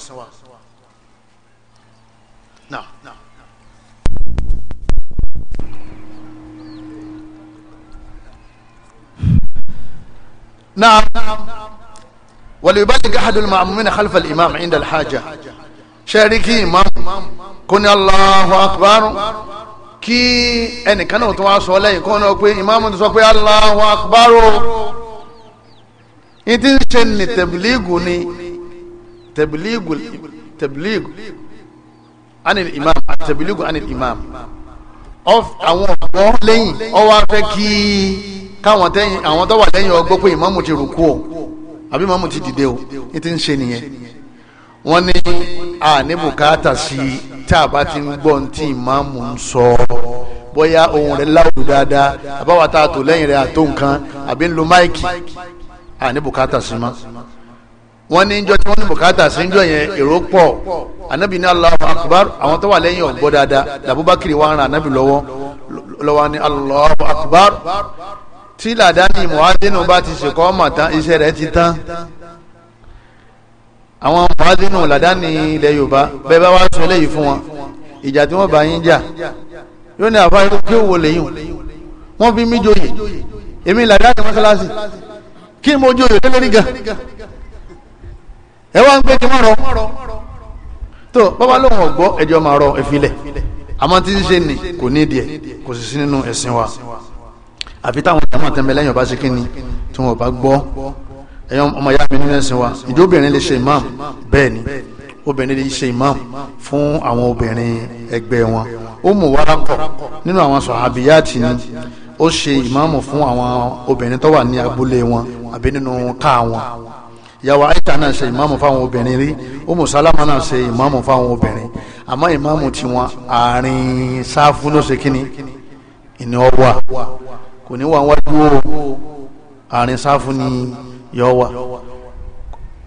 نعم وليبلغ أحد المأمومين خلف الإمام عند الحاجة شاركي إمام كن الله أكبر kí ẹnìkan náà tó wá sọ lẹ́yìn kó náà pé ìmáàmù tó sọ pé Allahu Akbar yìí ti ń ṣe ní tẹ̀bílígù ni tẹ̀bílígù tẹ̀bílígù anil imam tẹ̀bílígù anil imam àwọn ọ̀pọ̀ lẹ́yìn ọwọ́ afẹ́ kí káwọn tẹ́yìn àwọn tó wà lẹ́yìn ọgbọ́ pé ìmáàmù ti rùkú o àbí ìmáàmù ti dìde o yìí ti ń ṣe nìyẹn wọ́n ní àní bùkátà sí i tá a bá ti ń gbọ́ ní tí ìmáàmù ń sọ bóyá ohun rẹ̀ láwùjọ dáadáa àbáwá tá a tò lẹ́yìn rẹ̀ àtó nǹkan àbí ń lo máìkì àní bùkátà sí ma wọ́n ní njọ́ tí wọ́n ní bùkátà sí njọ́ yẹn èrò pọ̀ anabi ní Allahu akbar àwọn tó wà lẹ́yìn ọ̀gbọ́ dáadáa làbúbákiri wa ń ran anabi lọ́wọ́ lọ́wọ́ ní Allahu akbar tí làdáni muhadinu bá ti ṣèkọ́ ọmọ tán iṣẹ́ rẹ̀ ti tán àwọn mọ̀ádínù làdáni ilẹ̀ yorùbá bẹ́ẹ̀ bá wá sọ eléyìí fún wọn ìjà tí wọ́n bá yín jà yóò ní àfáà kí òwò lèyìn wọ́n fi mí joyè èmi làdáni mọ́sálásì kí mo joyè lélẹ́rí gan ẹ wá ń pé kí wọ́n rọ tó bàbá lóun ọ̀gbọ́ ẹjọ́ máa rọ ẹ̀fílẹ̀ àmọ́ tí ṣe nì kò ní ìdíẹ̀ kò sì sí nínú ẹ̀sìn wa àfi táwọn ìyàmọ̀ tẹ́mẹ́lẹ́yìn ọba ṣe kí ni tí wọ́n bá gbọ́ ẹ̀yàn ọmọ ìyá mi nínú ẹ̀sìn wa ìjọ obìnrin lè ṣe imam bẹ́ẹ̀ ni obìnrin lè ṣe imam fún àwọn obìnrin ẹgbẹ́ wọn Umu Waraka nínú àwọn sọ̀hábíyàtì ni ó ṣe ìmáàmù fún àwọn obìnrin tó wà ní abúlé wọn àbí nínú káà wọn ìyàwó Aisha náà ṣe ìmáàmù fáwọn obìnrin rí Umu Salama náà ṣe ìmáàmù fáwọn obìnrin àmọ́ imamu tiwọn àárín sáfù ló ṣe kíni ìní ọwà kò ní wà wájú àárín sáfù ni yọ wà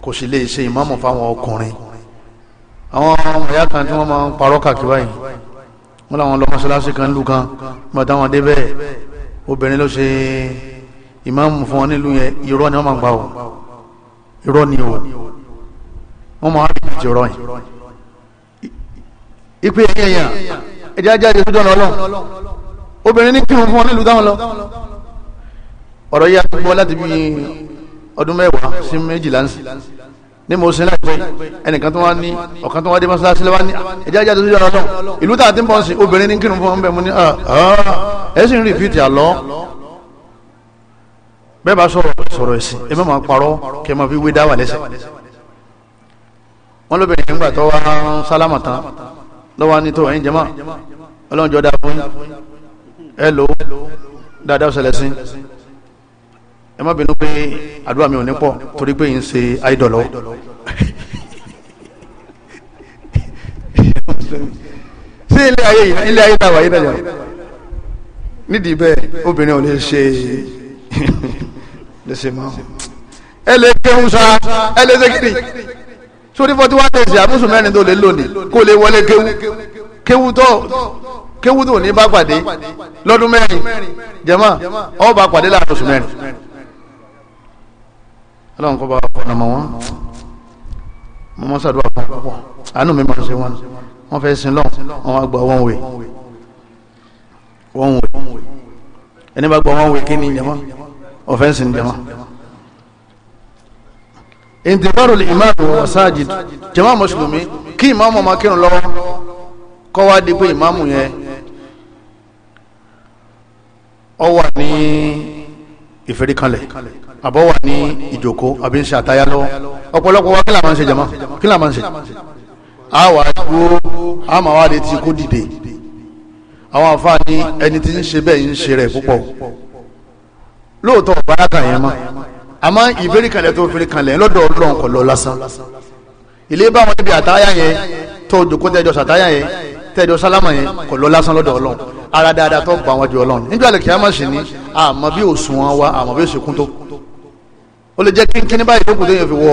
kò sì lè ṣe ìmáàmù fáwọn ọkùnrin àwọn ẹ̀yà kan tí wọ́n máa ń parọ́ kàkiri báyìí wọ́n làwọn lọ mọ́ṣáláṣí kan lù kan nígbà táwọn dé bẹ́ẹ̀ obìnrin ló ṣe ìmáàmù fún wọn nílùú yẹn irọ́ ni wọ́n máa ń gbà o irọ́ ni o wọ́n máa ń rí ìjọ rọ̀ yìí ìpè ẹ̀yẹ̀ yẹn ẹ̀dí ajá ìdí sójú ọ̀nà ọlọ́run obìnrin ní kírun fún wọn nílùú táwọn lọ ọ̀rọ̀ yìí á ọdún mẹ́wàá sí méjìlá ń sìn ní mo sin láìpẹ́ ẹnìkan tó wá ní ọ̀kan tó wá dé mọ́sálásí lọ́wọ́ ní ẹjẹ́ ajá tó yára lọ ìlú tá a ti ń bọ̀ sí obìnrin ní kírun fún ọmọ bẹ́ẹ̀ mo ní ah, ah. ẹ sì ń rí fìtì àlọ́ bẹ́ẹ̀ bá sọ̀rọ̀ sọ̀rọ̀ ẹ̀sìn ẹ má máa parọ́ kẹ́ máa fi wé dá wà lẹ́sẹ̀ wọ́n lóbìnrin nígbà tó wá sálámà tán lọ́wọ́ ní tó ẹ̀yìn jẹ́mà ọlọ́run jọ dáa fún ẹ lò dáadáa ṣẹlẹ̀ sí ẹ má bínú pé àdúrà mi ò ní pọ̀ torí pé ń ṣe àìdọ̀lọ́ sí ilé ayé ilé ayé tàwa yìí dájà nídìí bẹ́ẹ̀ obìnrin ò lè ṣe lè ṣe máa ẹ lè kéhùn sa ẹ lè ṣe kiri sórí forty one days àbúṣù mẹ́rin tó lè lónìí kó lè wọlé kéwú kéwú tó kéwú tó ní bá pàdé lọ́dún mẹ́rin jẹ́mọ́ ọ bá pàdé láàrin oṣù mẹ́rin ọlọ́run kọ́ bá fọ́nà mọ́ wọn mo mọ́ sàdúrà fún púpọ̀ àánú mi máa ń ṣe wọn wọ́n fẹ́ sin lọ́n wọ́n wá gba wọ́n wè wọ́n wè ẹni bá gba wọ́n wè kí ni jama ọ̀fẹ́nsì ni jama intibaru imaamu wa sajid jama mùsùlùmí kí imaamu máa kírun lọ́wọ́ kọ́ wá di pé imaamu yẹn ọ wà ní ìfẹ́ríkanlẹ̀ àbọ̀ wà ní ìjòkó àbí ń ṣe àtayá lọ́wọ́ ọ̀pọ̀lọpọ̀ wa kí làwọn ń ṣe jama kí làwọn ń ṣe a wà dúró a máa wá létí kó dìde àwọn àǹfààní ẹni tí ń ṣe bẹ́ẹ̀ ń ṣe rẹ̀ púpọ̀ lóòótọ́ bàrákà yẹn mọ́ àmọ́ ìfẹ́ríkanlẹ̀ tó fẹ́ríkanlẹ̀ lọ́dọ̀ ọlọ́run kọ̀ lọ lásán ilé báwọn níbi àtayá yẹn tó jòkó tẹ́jọ́ sàtáyà yẹn tẹ́jọ́ sálámà yẹn kò lọ lásán lọ́dọ̀ ọlọ́run ara dáadáa tó gbà wọn ju ọlọ́run nígbà lè kí má sì ní àmọ́ bí òṣùwọ̀n wa àmọ́ bí òṣèkún tó ó lè jẹ́ kínkínní báyìí tó kù téèyàn fi wọ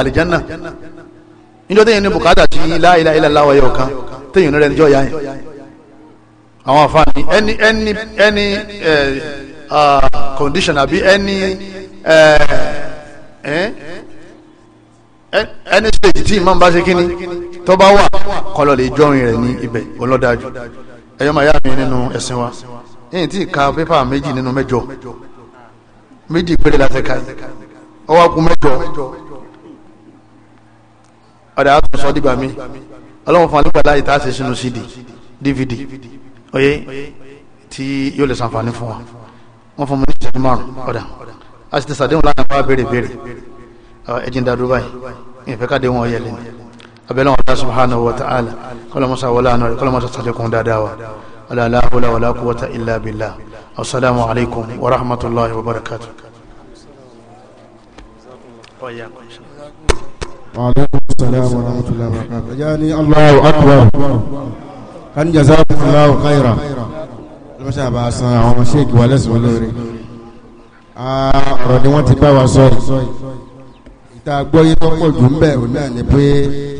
àlìjánà níjọ́ téèyàn ní bùkátà sí la ilaha illallah yọ̀ kan téèyàn rẹ̀ níjọ́ yá yẹn àwọn àfààní ẹni ẹni ẹni eh, ah, condition àbí ẹni ẹni eh, eh, stage tí ìmọ̀ n bá ṣe kíni tọ́ba wà kọlọ̀ lè jọrin rẹ̀ ní ibẹ̀ ọlọ́dájú ẹ̀yọ́ màá yá mi nínú ẹ̀sìn wa ẹ̀yìn tí ka pépà méjì nínú mẹ́jọ méjì péré láti ka yìí ọwọ́ kun mẹ́jọ ọ̀dà àtúnṣọ́ dìgbà mi ọlọ́run fún alẹ́gbàlá yìí tá a ṣe sínú cd dvd Oye. tí yóò lè ṣàǹfààní fún wa wọ́n fún mi ní ìṣẹ́jú márùn-ún ọ̀dà a sì ti sàdéhùn láàrin àwọn abèrè bèrè ẹ̀jìn dàdúrà yìí ìfẹ́ káde wọn ọ̀yẹ́lẹ́ni abẹ́lẹ́ wọn subhanahu wa ta'ala kọlọmọsá wọlé àná rẹ kọlọmọsá sàlékún dáadáa wa wàlá hawla wàlá quwwata illa billah assalamu alaikum wa rahmatullahi wa barakatuh. وعليكم السلام ورحمة الله وبركاته جاني الله أكبر san àwọn ṣéèkì wa lẹ́sùn olóore ọ̀rọ̀ ni wọ́n ti bá wa sọ ìta gbọ́yé tó pọ̀ jù ń bẹ̀ òun ni pé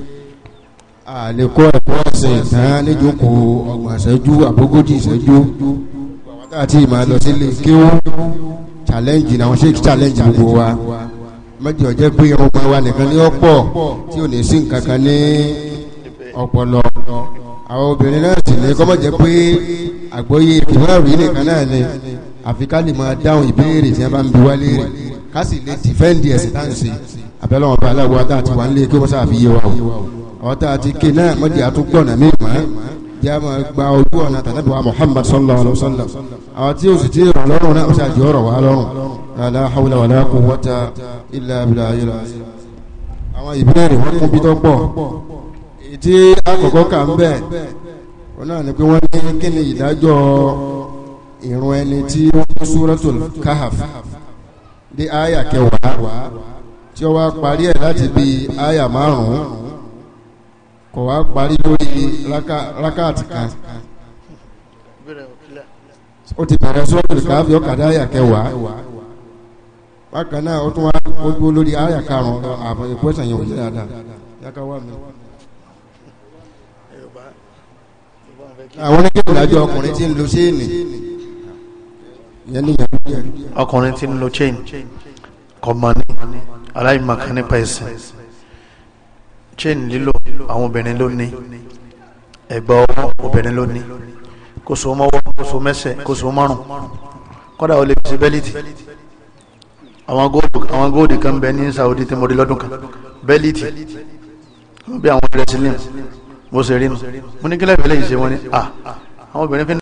àlékọ́ ẹ̀kọ́ ọ̀sẹ̀ ìtàn níjókòó ọgbọ̀n ìṣẹ́jú àbógójì ìṣẹ́jú àti ìmọ̀ lọ sílé kí ó challenge náà wọ́n ṣe challenge gbogbo wa mẹ́jọ jẹ́ pé ọmọ wa nìkan ní ọ̀pọ̀ tí ò ní sí nǹkan kan ní ọpọlọ àwọn obìnrin náà sì ní kọ́mọ̀ jẹ́ pé àgbọ́yé ìbáàrí nìkan náà ni àfi ká máa dáhùn ìbéèrè tí wọ́n bá ń bi wálé rẹ̀ ká sì ẹ̀sìn táǹsì àbẹ́lẹ́wọ̀n bá aláwọ̀ àtàwọn àti wà ń lé kí wọ́n sáà fi yé wa o ọ̀tá àti ké náà mọ̀jì àtúgbọ̀ náà mí mọ́ jẹ́ àmọ́ gba ojú ọ̀nà tàbí wa Muhammad sallallahu alayhi wa sallam àwọn tí o sì ti rọ̀ lọ́rùn náà o sì àjọ ọ̀rọ̀ wa lọ́rùn la hawla wala quwwata illa billahi àwọn ìbéèrè wọn kún bí tó ètí àkọ́kọ́ kà ń wọn náà ni pé wọ́n ní kí ni ìdájọ́ ẹni tí ó ń Suratul Kahf dé àyà kẹwàá tí ó wá parí ẹ̀ láti bí àyà márùn kò wá parí lórí rákàtì kan ó ti bẹ̀rẹ̀ sọ́ọ̀tù káfí ọ̀kadà àyà kẹwàá bákan náà ó tún wá gbogbo lórí àyà karùn-ún àbọ̀ ìpẹ́sàn yẹn ò yí dáadáa yàtọ̀ wà mí àwọn oníkẹ́ ìdájọ́ ọkùnrin tí ń lo chaini ọkùnrin tí ń lo chaini kọ̀mọ̀ní aláìmọ̀kan nípa ẹ̀sìn chain lílo àwọn obìnrin ló ní ẹ̀gbà ọwọ́ obìnrin ló ní kóso mọ́wọ́ kóso mẹ́sẹ̀ kóso márùn kọ́dà ó lè fi ṣe bẹ́líìtì àwọn góòdì kan bẹ ní Saudi tí mo di lọ́dún kan bẹ́líìtì bí àwọn ẹ̀rẹ́sìlẹ̀ bó ṣe rí nu mo ní kílẹ̀ ìfẹ́lẹ́ yìí ṣe wọ́n ní à àwọn obìnrin fi